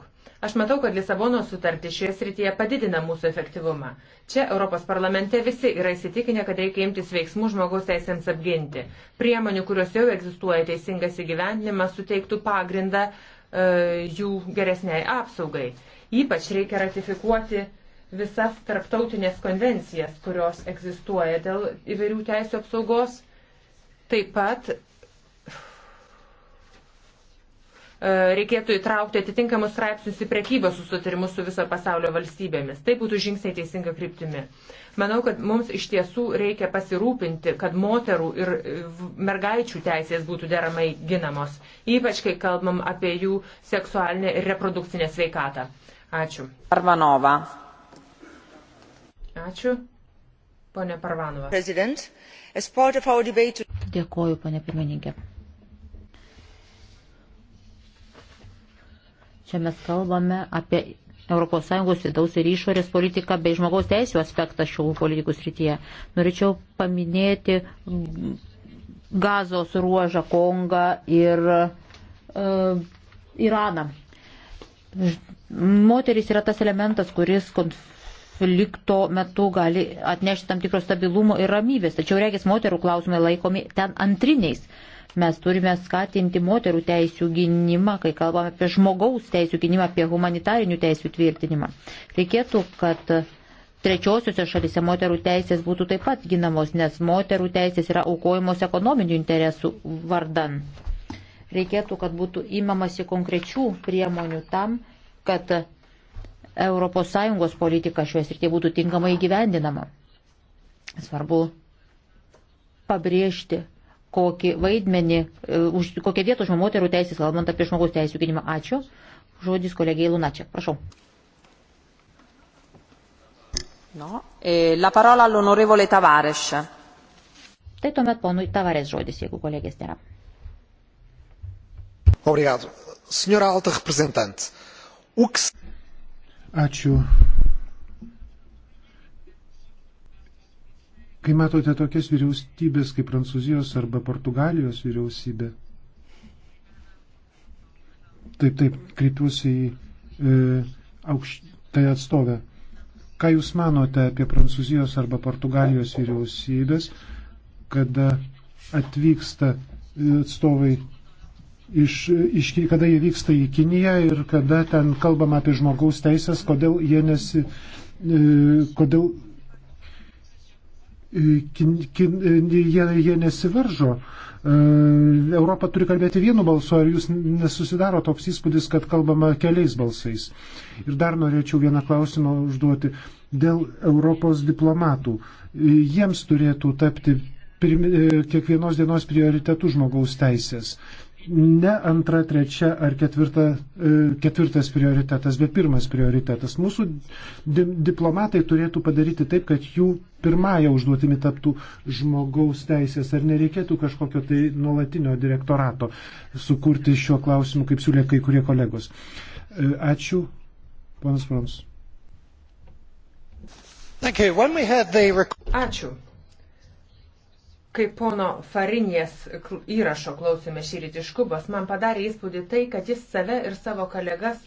Aš matau, kad Lisabono sutartis šioje srityje padidina mūsų efektyvumą. Čia Europos parlamente visi yra įsitikinę, kad reikia imtis veiksmų žmogaus teisėms apginti. Priemonių, kurios jau egzistuoja teisingas įgyvendinimas, suteiktų pagrindą e, jų geresniai apsaugai. Ypač reikia ratifikuoti visas tarptautinės konvencijas, kurios egzistuoja dėl įvairių teisų apsaugos. Taip pat E, reikėtų įtraukti atitinkamus straipsnius į prekybos susitarimus su viso pasaulio valstybėmis. Tai būtų žingsniai teisinga kryptimi. Manau, kad mums iš tiesų reikia pasirūpinti, kad moterų ir mergaičių teisės būtų deramai ginamos, ypač kai kalbam apie jų seksualinę ir reprodukcinę sveikatą. Ačiū. Parvanova. Ačiū. Pone Parvanova. Dėkoju, pone pirmininkė. Čia mes kalbame apie ES vidaus ir išorės politiką bei žmogaus teisų aspektą šių politikų srityje. Norėčiau paminėti gazos ruožą, Kongą ir uh, Iraną. Moteris yra tas elementas, kuris konflikto metu gali atnešti tam tikro stabilumo ir ramybės, tačiau reikės moterų klausimai laikomi ten antriniais. Uh, Mes turime skatinti moterų teisų gynimą, kai kalbame apie žmogaus teisų gynimą, apie humanitarinių teisų tvirtinimą. Reikėtų, kad trečiosiuose šalise moterų teisės būtų taip pat ginamos, nes moterų teisės yra aukojamos ekonominių interesų vardan. Reikėtų, kad būtų įmamasi konkrečių priemonių tam, kad ES politika šioje srityje būtų tinkamai įgyvendinama. Svarbu pabrėžti, kokį vaidmenį, e, už kokią vietą užima moterų teisės, kalbant apie žmogaus teisų gynimą. Ačiū. Žodis kolegijai Lunačiak. Prašau. No. E, la parola all'onorevole Tavares. Tai tuomet ponui Tavares žodis, jeigu kolegės nėra. Obrigado. Senhora alta representante, o que... Ačiū, Kai matote tokias vyriausybės kaip Prancūzijos arba Portugalijos vyriausybė, taip, taip, kreipiuosi į e, aukštai atstovę. Ką Jūs manote apie Prancūzijos arba Portugalijos vyriausybės, kada atvyksta atstovai iš, iš, kada jie vyksta į Kiniją ir kada ten kalbama apie žmogaus teisės, kodėl jie nesi, e, kodėl kin, kin, jie, jie nesivaržo. E, Europa turi kalbėti vienu balsu, ar jūs nesusidaro toks įspūdis, kad kalbama keliais balsais. Ir dar norėčiau vieną klausimą užduoti dėl Europos diplomatų. E, jiems turėtų tapti pirmi, e, kiekvienos dienos prioritetų žmogaus teisės ne antra, trečia ar ketvirta, e, ketvirtas prioritetas, bet pirmas prioritetas. Mūsų di diplomatai turėtų padaryti taip, kad jų pirmąją užduotimi taptų žmogaus teisės. Ar nereikėtų kažkokio tai nuolatinio direktorato sukurti šiuo klausimu, kaip siūlė kai kurie kolegos. E, ačiū, ponas Proms. Ačiū kai pono Farinės įrašo klausėme šį rytį iš Kubos, man padarė įspūdį tai, kad jis save ir savo kolegas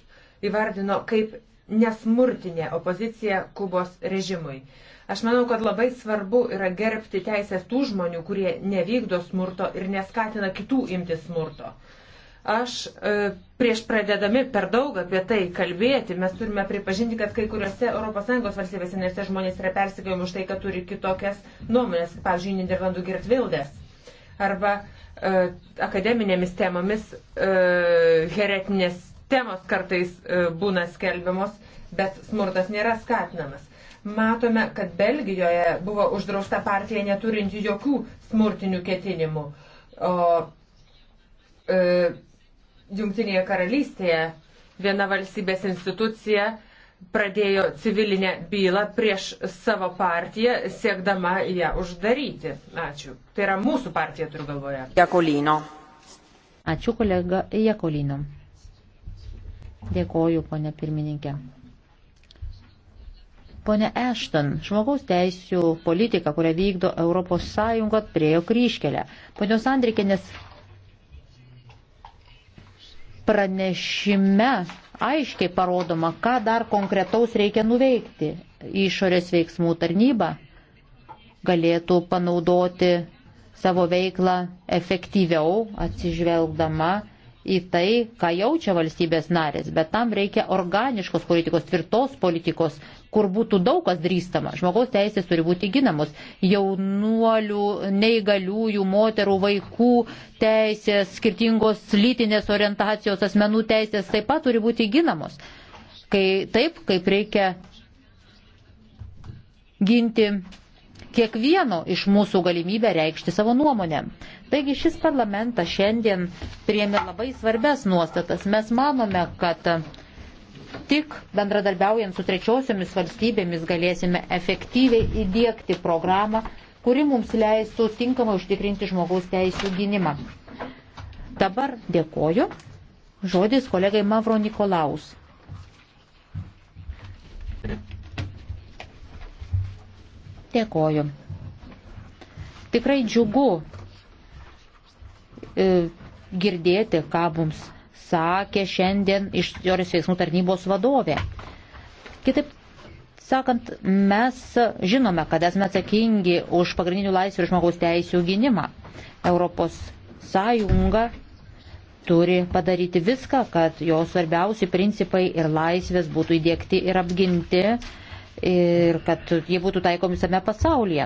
įvardino kaip nesmurtinė opozicija Kubos režimui. Aš manau, kad labai svarbu yra gerbti teisės tų žmonių, kurie nevykdo smurto ir neskatina kitų imti smurto. Uh, Aš e, prieš pradedami per daug apie tai kalbėti, mes turime pripažinti, kad kai kuriuose ES valstybėse nese žmonės yra persikėjami už tai, kad turi kitokias nuomonės, pavyzdžiui, Niderlandų girtvildės arba e, akademinėmis temomis e, heretinės temos kartais e, būna skelbiamos, bet smurtas nėra skatinamas. Matome, kad Belgijoje buvo uždrausta partija neturinti jokių smurtinių ketinimų. O, e, Junktinėje karalystėje viena valstybės institucija pradėjo civilinę bylą prieš savo partiją, siekdama ją uždaryti. Ačiū. Tai yra mūsų partija, turiu galvoje. Jekolino. Ačiū kolega Jekolino. Dėkoju, ponė pirmininkė. Pone Ešton, žmogaus teisų politika, kurią vykdo ES, priejo kryškelę. Ponios Andrikinės pranešime aiškiai parodoma, ką dar konkretaus reikia nuveikti. Išorės veiksmų tarnyba galėtų panaudoti savo veiklą efektyviau atsižvelgdama į tai, ką jaučia valstybės narės, bet tam reikia organiškos politikos, tvirtos politikos, kur būtų daug kas drįstama. Žmogaus teisės turi būti ginamos. Jaunuolių, neįgaliųjų, moterų, vaikų teisės, skirtingos lytinės orientacijos, asmenų teisės taip pat turi būti ginamos. Kai, taip, kaip reikia ginti kiekvieno iš mūsų galimybę reikšti savo nuomonę. Taigi šis parlamentas šiandien priėmė labai svarbes nuostatas. Mes manome, kad tik bendradarbiaujant su trečiosiomis valstybėmis galėsime efektyviai įdėkti programą, kuri mums leistų tinkamai užtikrinti žmogaus teisų gynimą. Dabar dėkoju. Žodis kolegai Mavro Nikolaus. Dėkoju. Tikrai džiugu e, girdėti, ką mums sakė šiandien iš Jorės veiksmų tarnybos vadovė. Kitaip sakant, mes žinome, kad esame atsakingi už pagrindinių laisvių ir žmogaus teisų gynimą. Europos Sąjunga turi padaryti viską, kad jo svarbiausi principai ir laisvės būtų įdėkti ir apginti ir kad jie būtų taikomi visame pasaulyje.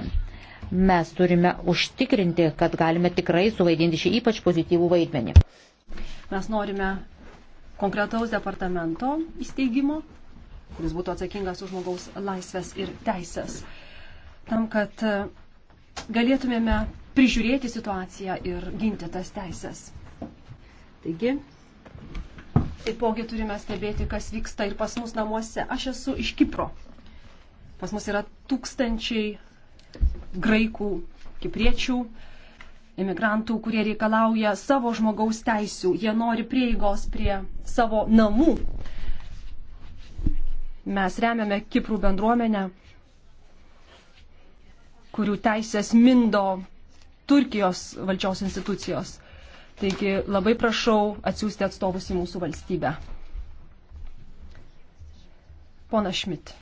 Mes turime užtikrinti, kad galime tikrai suvaidinti šį ypač pozityvų vaidmenį. Mes norime konkretaus departamento įsteigimo, kuris būtų atsakingas už žmogaus laisvės ir teisės, tam, kad e, galėtumėme prižiūrėti situaciją ir ginti tas teisės. Taigi, taipogi turime stebėti, kas vyksta ir pas mus namuose. Aš esu iš Kipro. Pas mus yra tūkstančiai graikų, kipriečių, imigrantų, kurie reikalauja savo žmogaus teisių, jie nori prieigos prie savo namų. Mes remiame Kiprų bendruomenę, kurių teisės mindo Turkijos valdžios institucijos. Taigi labai prašau atsiųsti atstovus į mūsų valstybę. Pona Šmit.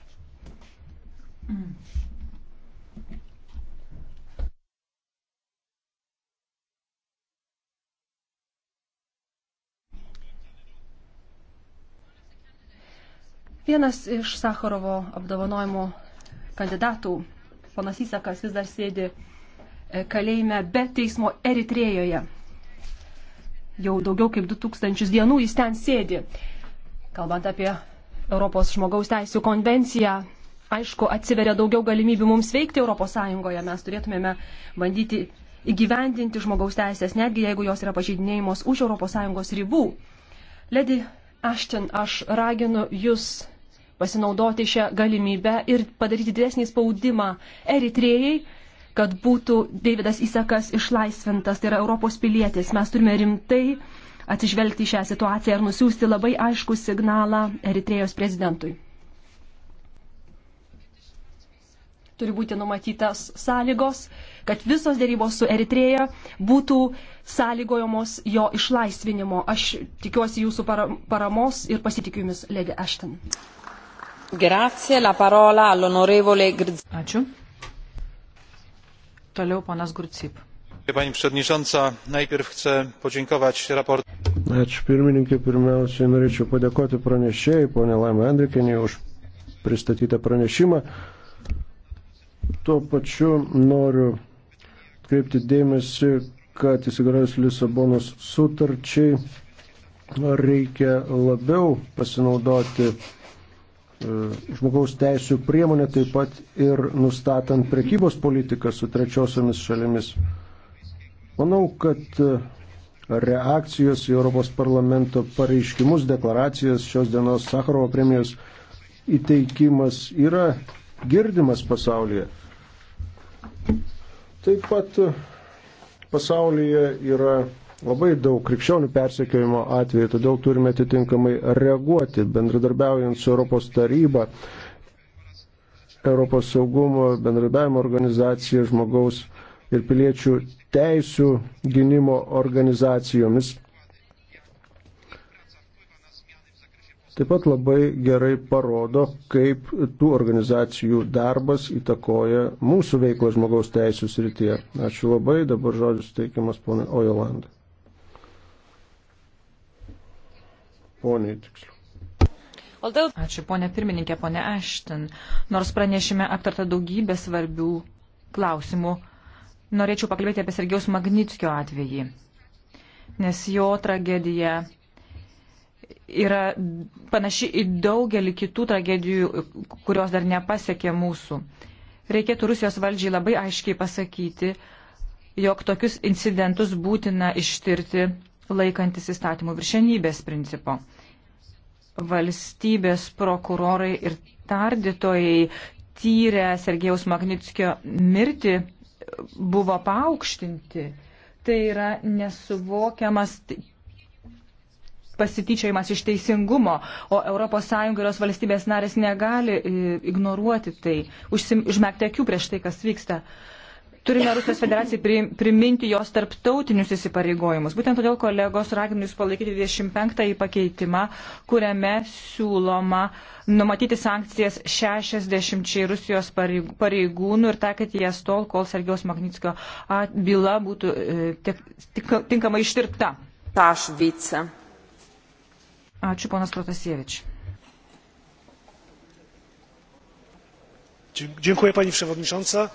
Vienas iš Sakarovo apdovanojimo kandidatų, ponas Įsakas, vis dar sėdi e, kalėjime be teismo Eritrėjoje. Jau daugiau kaip 2000 dienų jis ten sėdi. Kalbant apie Europos žmogaus teisų konvenciją, aišku, atsiveria daugiau galimybių mums veikti ES. Mes turėtumėme bandyti įgyvendinti žmogaus teisės, netgi jeigu jos yra pažeidinėjimos už ES ribų. Lady Ashton, aš raginu jūs pasinaudoti šią galimybę ir padaryti didesnį spaudimą Eritrėjai, kad būtų Davidas Įsakas išlaisvintas, tai yra Europos pilietis. Mes turime rimtai atsižvelgti į šią situaciją ir nusiųsti labai aišku signalą Eritrėjos prezidentui. turi būti numatytas sąlygos, kad visos dėrybos su Eritreja būtų sąlygojamos jo išlaisvinimo. Aš tikiuosi jūsų paramos ir pasitikiu jumis, Lady Ashton. Grazie, la parola all'onorevole Grzyb. Ačiū. Toliau ponas Grzyb. Pani przewodnicząca, najpierw chcę podziękować raport. Ačiū pirmininkai, pirmiausiai norėčiau padėkoti pranešėjai, ponė Laima Andrikinė, už pristatytą pranešimą. Tuo pačiu noriu kreipti dėmesį, kad įsigaliojus Lisabonos sutarčiai reikia labiau pasinaudoti e, žmogaus teisų priemonė taip pat ir nustatant prekybos politiką su trečiosiomis šalimis. Manau, kad e, reakcijos į Europos parlamento pareiškimus, deklaracijas šios dienos Sakarovo premijos įteikimas yra girdimas pasaulyje. Taip pat pasaulyje yra labai daug krikščionių persekiojimo atvejų, todėl turime atitinkamai reaguoti, bendradarbiaujant su Europos taryba, Europos saugumo bendradarbiavimo organizacija, žmogaus ir piliečių teisų gynimo organizacijomis. taip pat labai gerai parodo, kaip tų organizacijų darbas įtakoja mūsų veiklą žmogaus teisų srityje. Ačiū labai, dabar žodis teikiamas ponai Ojolandai. Poniai tiksliau. Ačiū, ponė pirmininkė, ponė Ashton. Nors pranešime aptarta daugybė svarbių klausimų, norėčiau pakalbėti apie Sergejaus Magnitskio atvejį, nes jo tragedija yra panaši į daugelį kitų tragedijų, kurios dar nepasiekė mūsų. Reikėtų Rusijos valdžiai labai aiškiai pasakyti, jog tokius incidentus būtina ištirti laikantis įstatymų viršenybės principo. Valstybės prokurorai ir tardytojai tyrę Sergejaus Magnitskio mirtį buvo paaukštinti. Tai yra nesuvokiamas pasityčiojimas iš teisingumo, o ES ir jos valstybės narės negali e, ignoruoti tai, užmėgti akių prieš tai, kas vyksta. Turime Rusijos federacijai priminti jos tarptautinius įsipareigojimus. Būtent todėl kolegos raginu jūs palaikyti 25-ąjį pakeitimą, kuriame siūloma numatyti sankcijas 60 Rusijos pareigūnų ir taikyti jas tol, kol Sergijos Magnitskio byla būtų e, tinkamai ištirpta. Tašvica. Ačiū, ponas Protasievič. Dziękuję pani przewodnicząca.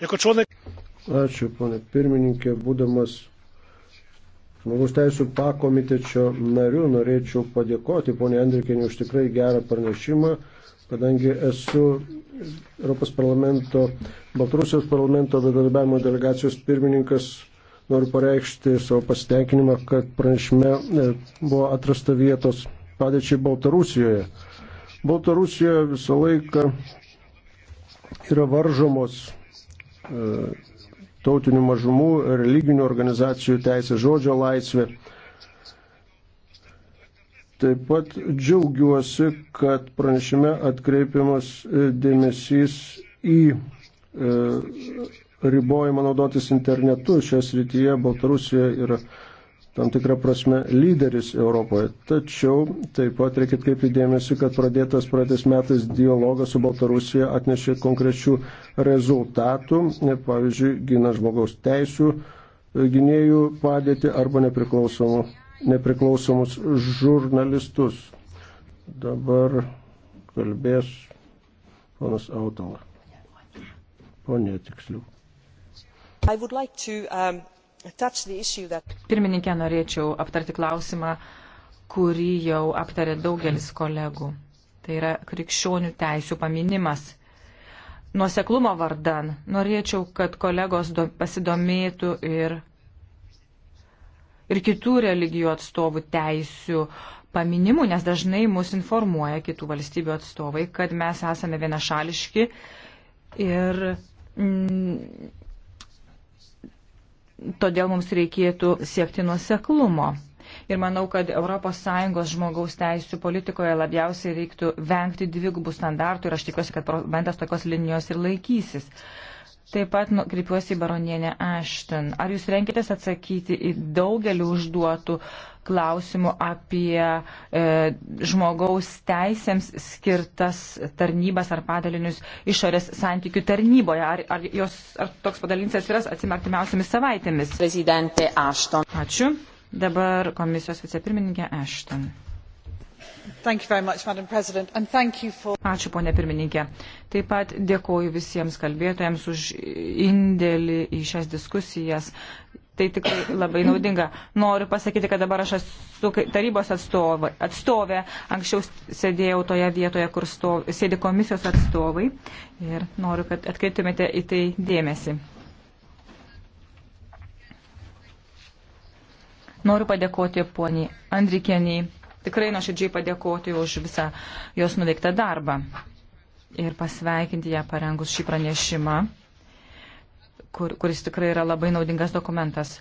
Jako członek... Ačiū, ponė pirmininkė, būdamas Žmogus teisų pakomitečio nariu norėčiau padėkoti ponė Andrikinė už tikrai gerą pranešimą, kadangi esu Europos parlamento, Baltarusijos parlamento bendradarbiavimo delegacijos pirmininkas Noriu pareikšti savo pasitenkinimą, kad pranešime e, buvo atrasta vietos padėčiai Baltarusijoje. Baltarusijoje visą laiką yra varžomos e, tautinių mažumų, religinių organizacijų teisė, žodžio laisvė. Taip pat džiaugiuosi, kad pranešime atkreipiamas e, dėmesys į ribojimą naudotis internetu. Šioje srityje Baltarusija yra tam tikrą prasme lyderis Europoje. Tačiau taip pat reikia atkreipti dėmesį, kad pradėtas praeitais metais dialogas su Baltarusija atnešė konkrečių rezultatų, pavyzdžiui, gina žmogaus teisų e, gynėjų padėti arba nepriklausomus, nepriklausomus žurnalistus. Dabar kalbės ponas Autola. Ponė tiksliau. Like to, um, that... Pirmininkė, norėčiau aptarti klausimą, kurį jau aptarė daugelis kolegų. Tai yra krikščionių teisų paminimas. Nuoseklumo vardan norėčiau, kad kolegos do, pasidomėtų ir, ir kitų religijų atstovų teisų paminimų, nes dažnai mus informuoja kitų valstybių atstovai, kad mes esame vienašališki ir mm, todėl mums reikėtų siekti nuoseklumo. Ir manau, kad ES žmogaus teisų politikoje labiausiai reiktų vengti dvigubų standartų ir aš tikiuosi, kad parlamentas tokios linijos ir laikysis. Uh, Taip pat nu, kreipiuosi į baronienę Ashton. Ar jūs renkitės atsakyti į daugelį užduotų klausimų apie e, žmogaus teisėms skirtas tarnybas ar padalinius išorės santykių tarnyboje? Ar, ar, jos, ar toks padalinys atsiras atsimartimiausiamis savaitėmis? Prezidentė Ashton. Ačiū. Dabar komisijos vicepirmininkė Ashton. Ačiū, ponė pirmininkė. Taip pat dėkoju visiems kalbėtojams už indėlį į šias diskusijas. Tai tikrai labai naudinga. Noriu pasakyti, kad dabar aš esu tarybos atstovai, atstovė. Anksčiau sėdėjau toje vietoje, kur stov, sėdi komisijos atstovai. Ir noriu, kad atkreiptumėte į tai dėmesį. Noriu padėkoti poniai Andrikieniai tikrai nuoširdžiai padėkoti už visą jos nuveiktą darbą ir pasveikinti ją parengus šį pranešimą, kur, kuris tikrai yra labai naudingas dokumentas.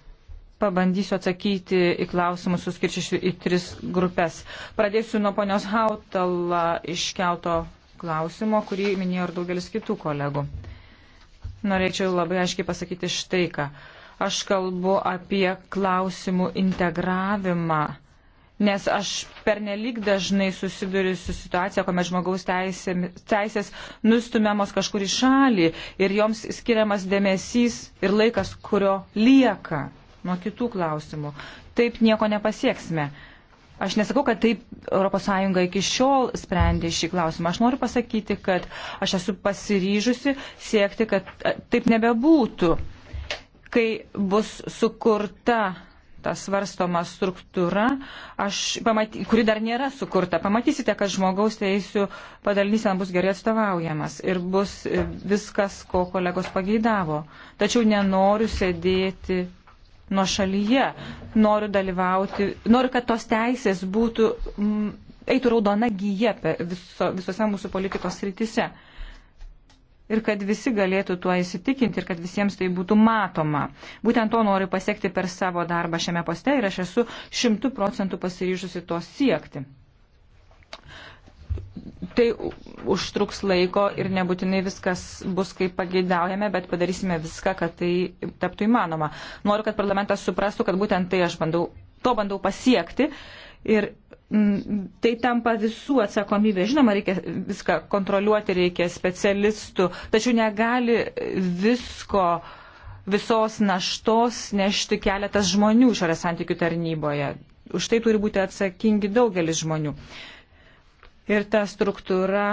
Pabandysiu atsakyti į klausimus, suskirčiu į tris grupės. Pradėsiu nuo ponios Hautala iškelto klausimo, kurį minėjo ir daugelis kitų kolegų. Norėčiau labai aiškiai pasakyti štai ką. Aš kalbu apie klausimų integravimą nes aš pernelyg dažnai susiduriu su situacija, kuomet žmogaus teisė, teisės nustumiamos kažkur į šalį ir joms skiriamas dėmesys ir laikas, kurio lieka nuo kitų klausimų. Taip nieko nepasieksime. Aš nesakau, kad taip ES iki šiol sprendė šį klausimą. Aš noriu pasakyti, kad aš esu pasiryžusi siekti, kad taip nebebūtų, kai bus sukurta kartą svarstoma struktūra, aš, pamaty, kuri dar nėra sukurta, pamatysite, kad žmogaus teisų padalinys ten bus gerai atstovaujamas ir bus e, viskas, ko kolegos pageidavo. Tačiau nenoriu sėdėti nuo šalyje, noriu dalyvauti, noriu, kad tos teisės būtų, eitų raudona gyja viso, visose mūsų politikos rytise ir kad visi galėtų tuo įsitikinti ir kad visiems tai būtų matoma. Būtent to noriu pasiekti per savo darbą šiame poste ir aš esu šimtų procentų pasiryžusi to siekti. Tai užtruks laiko ir nebūtinai viskas bus kaip pageidaujame, bet padarysime viską, kad tai taptų įmanoma. Noriu, kad parlamentas suprastų, kad būtent tai aš bandau, to bandau pasiekti ir Mm, tai tampa visų atsakomybė. Žinoma, reikia viską kontroliuoti, reikia specialistų, tačiau negali visko, visos naštos nešti keletas žmonių išorės santykių tarnyboje. Už tai turi būti atsakingi daugelis žmonių. Ir ta struktūra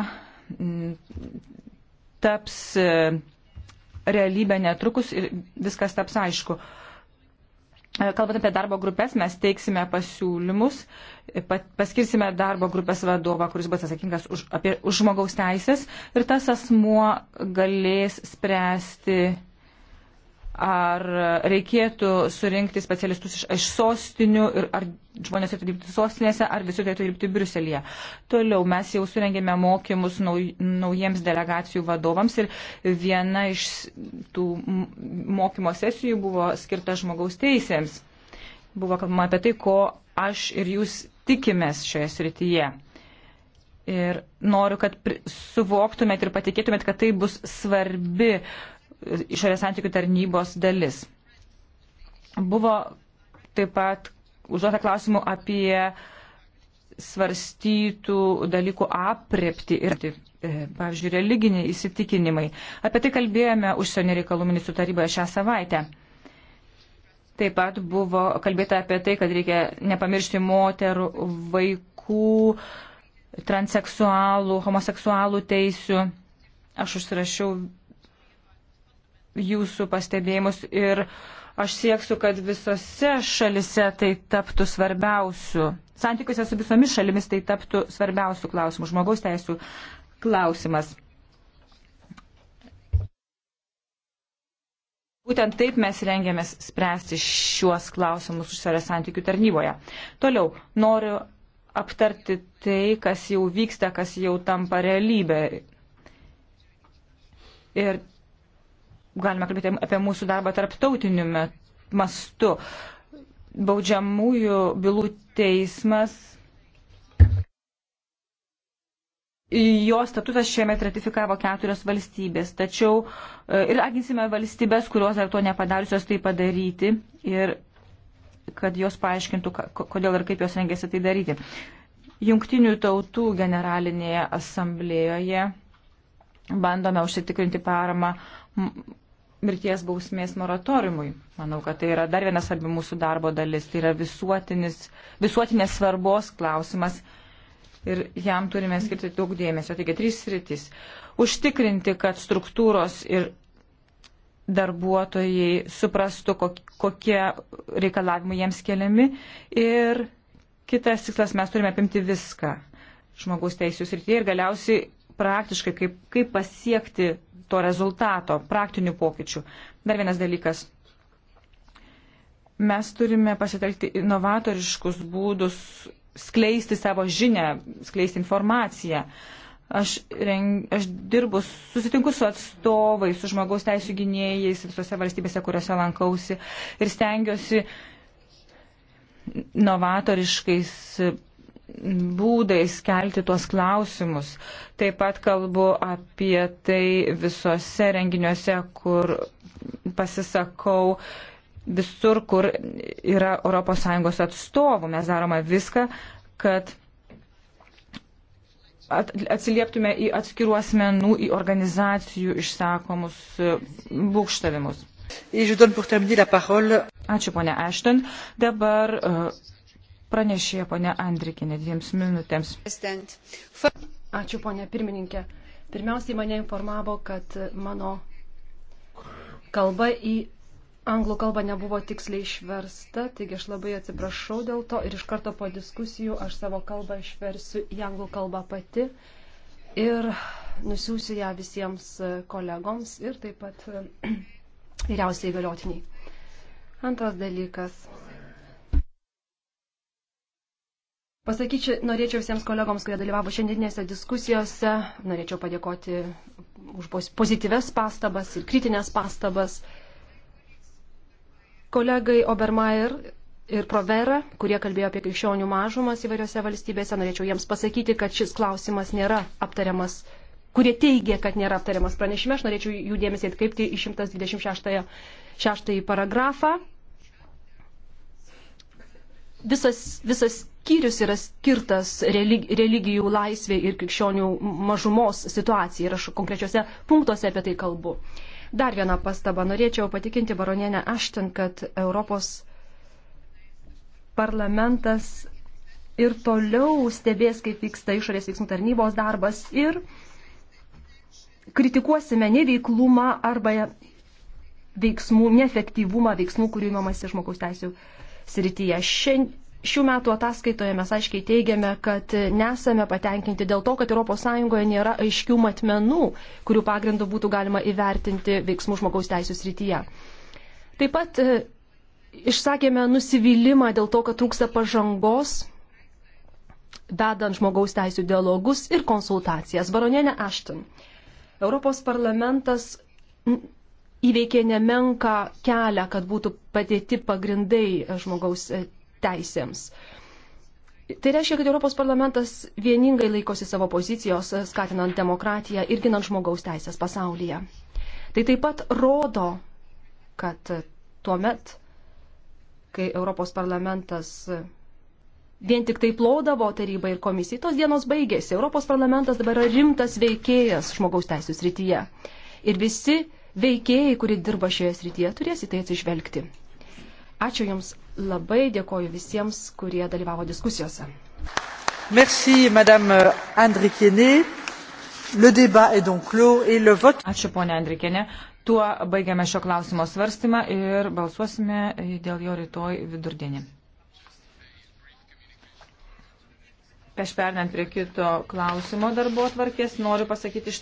mm, taps e, realybę netrukus ir viskas taps aišku. E, kalbant apie darbo grupės, mes teiksime pasiūlymus, e, paskirsime darbo grupės vadovą, kuris bus atsakingas už, apie, už žmogaus teisės ir tas asmuo galės spręsti ar reikėtų surinkti specialistus iš, iš sostinių, ir, ar žmonės turėtų dirbti sostinėse, ar visi turėtų dirbti Briuselėje. Toliau mes jau surengėme mokymus nauj, naujiems delegacijų vadovams ir viena iš tų mokymo sesijų buvo skirta žmogaus teisėms. Buvo kalbama apie tai, ko aš ir jūs tikimės šioje srityje. Ir noriu, kad suvoktumėt ir patikėtumėt, kad tai bus svarbi uh, išorės santykių tarnybos dalis. Buvo taip pat užduota klausimų apie svarstytų dalykų aprepti ir, e, pavyzdžiui, religiniai įsitikinimai. Apie tai kalbėjome užsienio reikalų ministrų taryboje šią savaitę. Taip pat buvo kalbėta apie tai, kad reikia nepamiršti moterų, vaikų, transseksualų, homoseksualų teisių. Aš užsirašiau jūsų pastebėjimus ir aš sieksiu, kad visose šalise tai taptų svarbiausių. Santykiuose su visomis šalimis tai taptų svarbiausių klausimų, žmogaus teisų klausimas. Būtent taip mes rengiamės spręsti šiuos klausimus užsienio santykių tarnyboje. Toliau noriu aptarti tai, kas jau vyksta, kas jau tampa realybė. Ir galime kalbėti apie mūsų darbą tarptautiniu mastu. Baudžiamųjų bylų teismas. Jo statutas šiemet ratifikavo keturios valstybės, tačiau e, ir aginsime valstybės, kurios dar to nepadariusios tai padaryti ir kad jos paaiškintų, kodėl ir kaip jos rengėsi tai daryti. Jungtinių tautų generalinėje asamblėjoje bandome užsitikrinti paramą mirties bausmės moratoriumui. Manau, kad tai yra dar vienas svarbi mūsų darbo dalis. Tai yra visuotinės svarbos klausimas ir jam turime skirti daug dėmesio. Taigi, trys sritis. Užtikrinti, kad struktūros ir darbuotojai suprastų, kokie reikalavimai jiems keliami. Ir kitas tikslas, mes turime apimti viską žmogaus teisų srityje ir galiausiai praktiškai, kaip, kaip pasiekti to rezultato, praktinių pokyčių. Dar vienas dalykas. Mes turime pasitelkti inovatoriškus būdus skleisti savo žinę, skleisti informaciją. Aš, reng, aš dirbu, susitinku su atstovais, su žmogaus teisų gynėjais visose valstybėse, kuriuose lankausi ir stengiuosi novatoriškais būdais kelti tuos klausimus. Taip pat kalbu apie tai visose renginiuose, kur pasisakau visur, kur yra ES atstovų. Mes darome viską, kad atsilieptume į atskirų asmenų, į organizacijų išsakomus e, būkštavimus. Ačiū, ponė Ashton. Dabar uh, Pranešė ponė Andrikinė dviems minutėms. Ačiū ponė pirmininkė. Pirmiausiai mane informavo, kad mano kalba į anglų kalbą nebuvo tiksliai išversta, taigi aš labai atsiprašau dėl to ir iš karto po diskusijų aš savo kalbą išversiu į anglų kalbą pati ir nusiųsiu ją visiems kolegoms ir taip pat vyriausiai galiotiniai. Antras dalykas. Pasakyčiau, norėčiau visiems kolegoms, kurie dalyvavo šiandieninėse diskusijose, norėčiau padėkoti už pozityves pastabas ir kritinės pastabas. Kolegai Obermeier ir Provera, kurie kalbėjo apie krikščionių mažumas įvairiose valstybėse, norėčiau jiems pasakyti, kad šis klausimas nėra aptariamas, kurie teigia, kad nėra aptariamas pranešime, aš norėčiau jų dėmesį atkreipti į 126 paragrafą visas, visas skyrius yra skirtas religijų laisvė ir krikščionių mažumos situacijai ir aš konkrečiose punktuose apie tai kalbu. Dar vieną pastabą norėčiau patikinti baronienę Ašten, kad Europos parlamentas ir toliau stebės, kaip vyksta išorės veiksmų tarnybos darbas ir kritikuosime neveiklumą arba veiksmų, neefektyvumą veiksmų, kurių įmamasi žmogaus teisų srityje. Šiandien Šių metų ataskaitoje mes aiškiai teigiame, kad nesame patenkinti dėl to, kad ES nėra aiškių matmenų, kurių pagrindų būtų galima įvertinti veiksmų žmogaus teisų srityje. Taip pat e, išsakėme nusivylimą dėl to, kad trūksta pažangos, vedant žmogaus teisų dialogus ir konsultacijas. Baronienė Ashton. Europos parlamentas įveikė nemenką kelią, kad būtų padėti pagrindai e, žmogaus e, teisėms. Tai reiškia, kad Europos parlamentas vieningai laikosi savo pozicijos, e, skatinant demokratiją ir ginant žmogaus teisės pasaulyje. Tai taip pat rodo, kad tuo met, kai Europos parlamentas vien tik tai plaudavo tarybai ir komisijai, tos dienos baigėsi. Europos parlamentas dabar yra rimtas veikėjas žmogaus teisų srityje. Ir visi veikėjai, kurie dirba šioje srityje, turės į tai atsižvelgti. Ačiū Jums labai, dėkoju visiems, kurie dalyvavo diskusijose. Merci, Madame Andrikienė. Le débat est donc clos et le vote. Ačiū, ponia Andrikienė. Tuo baigiame šio klausimo svarstymą ir balsuosime dėl jo rytoj vidurdienį. Peš pernant prie kito klausimo darbo atvarkės, noriu pasakyti iš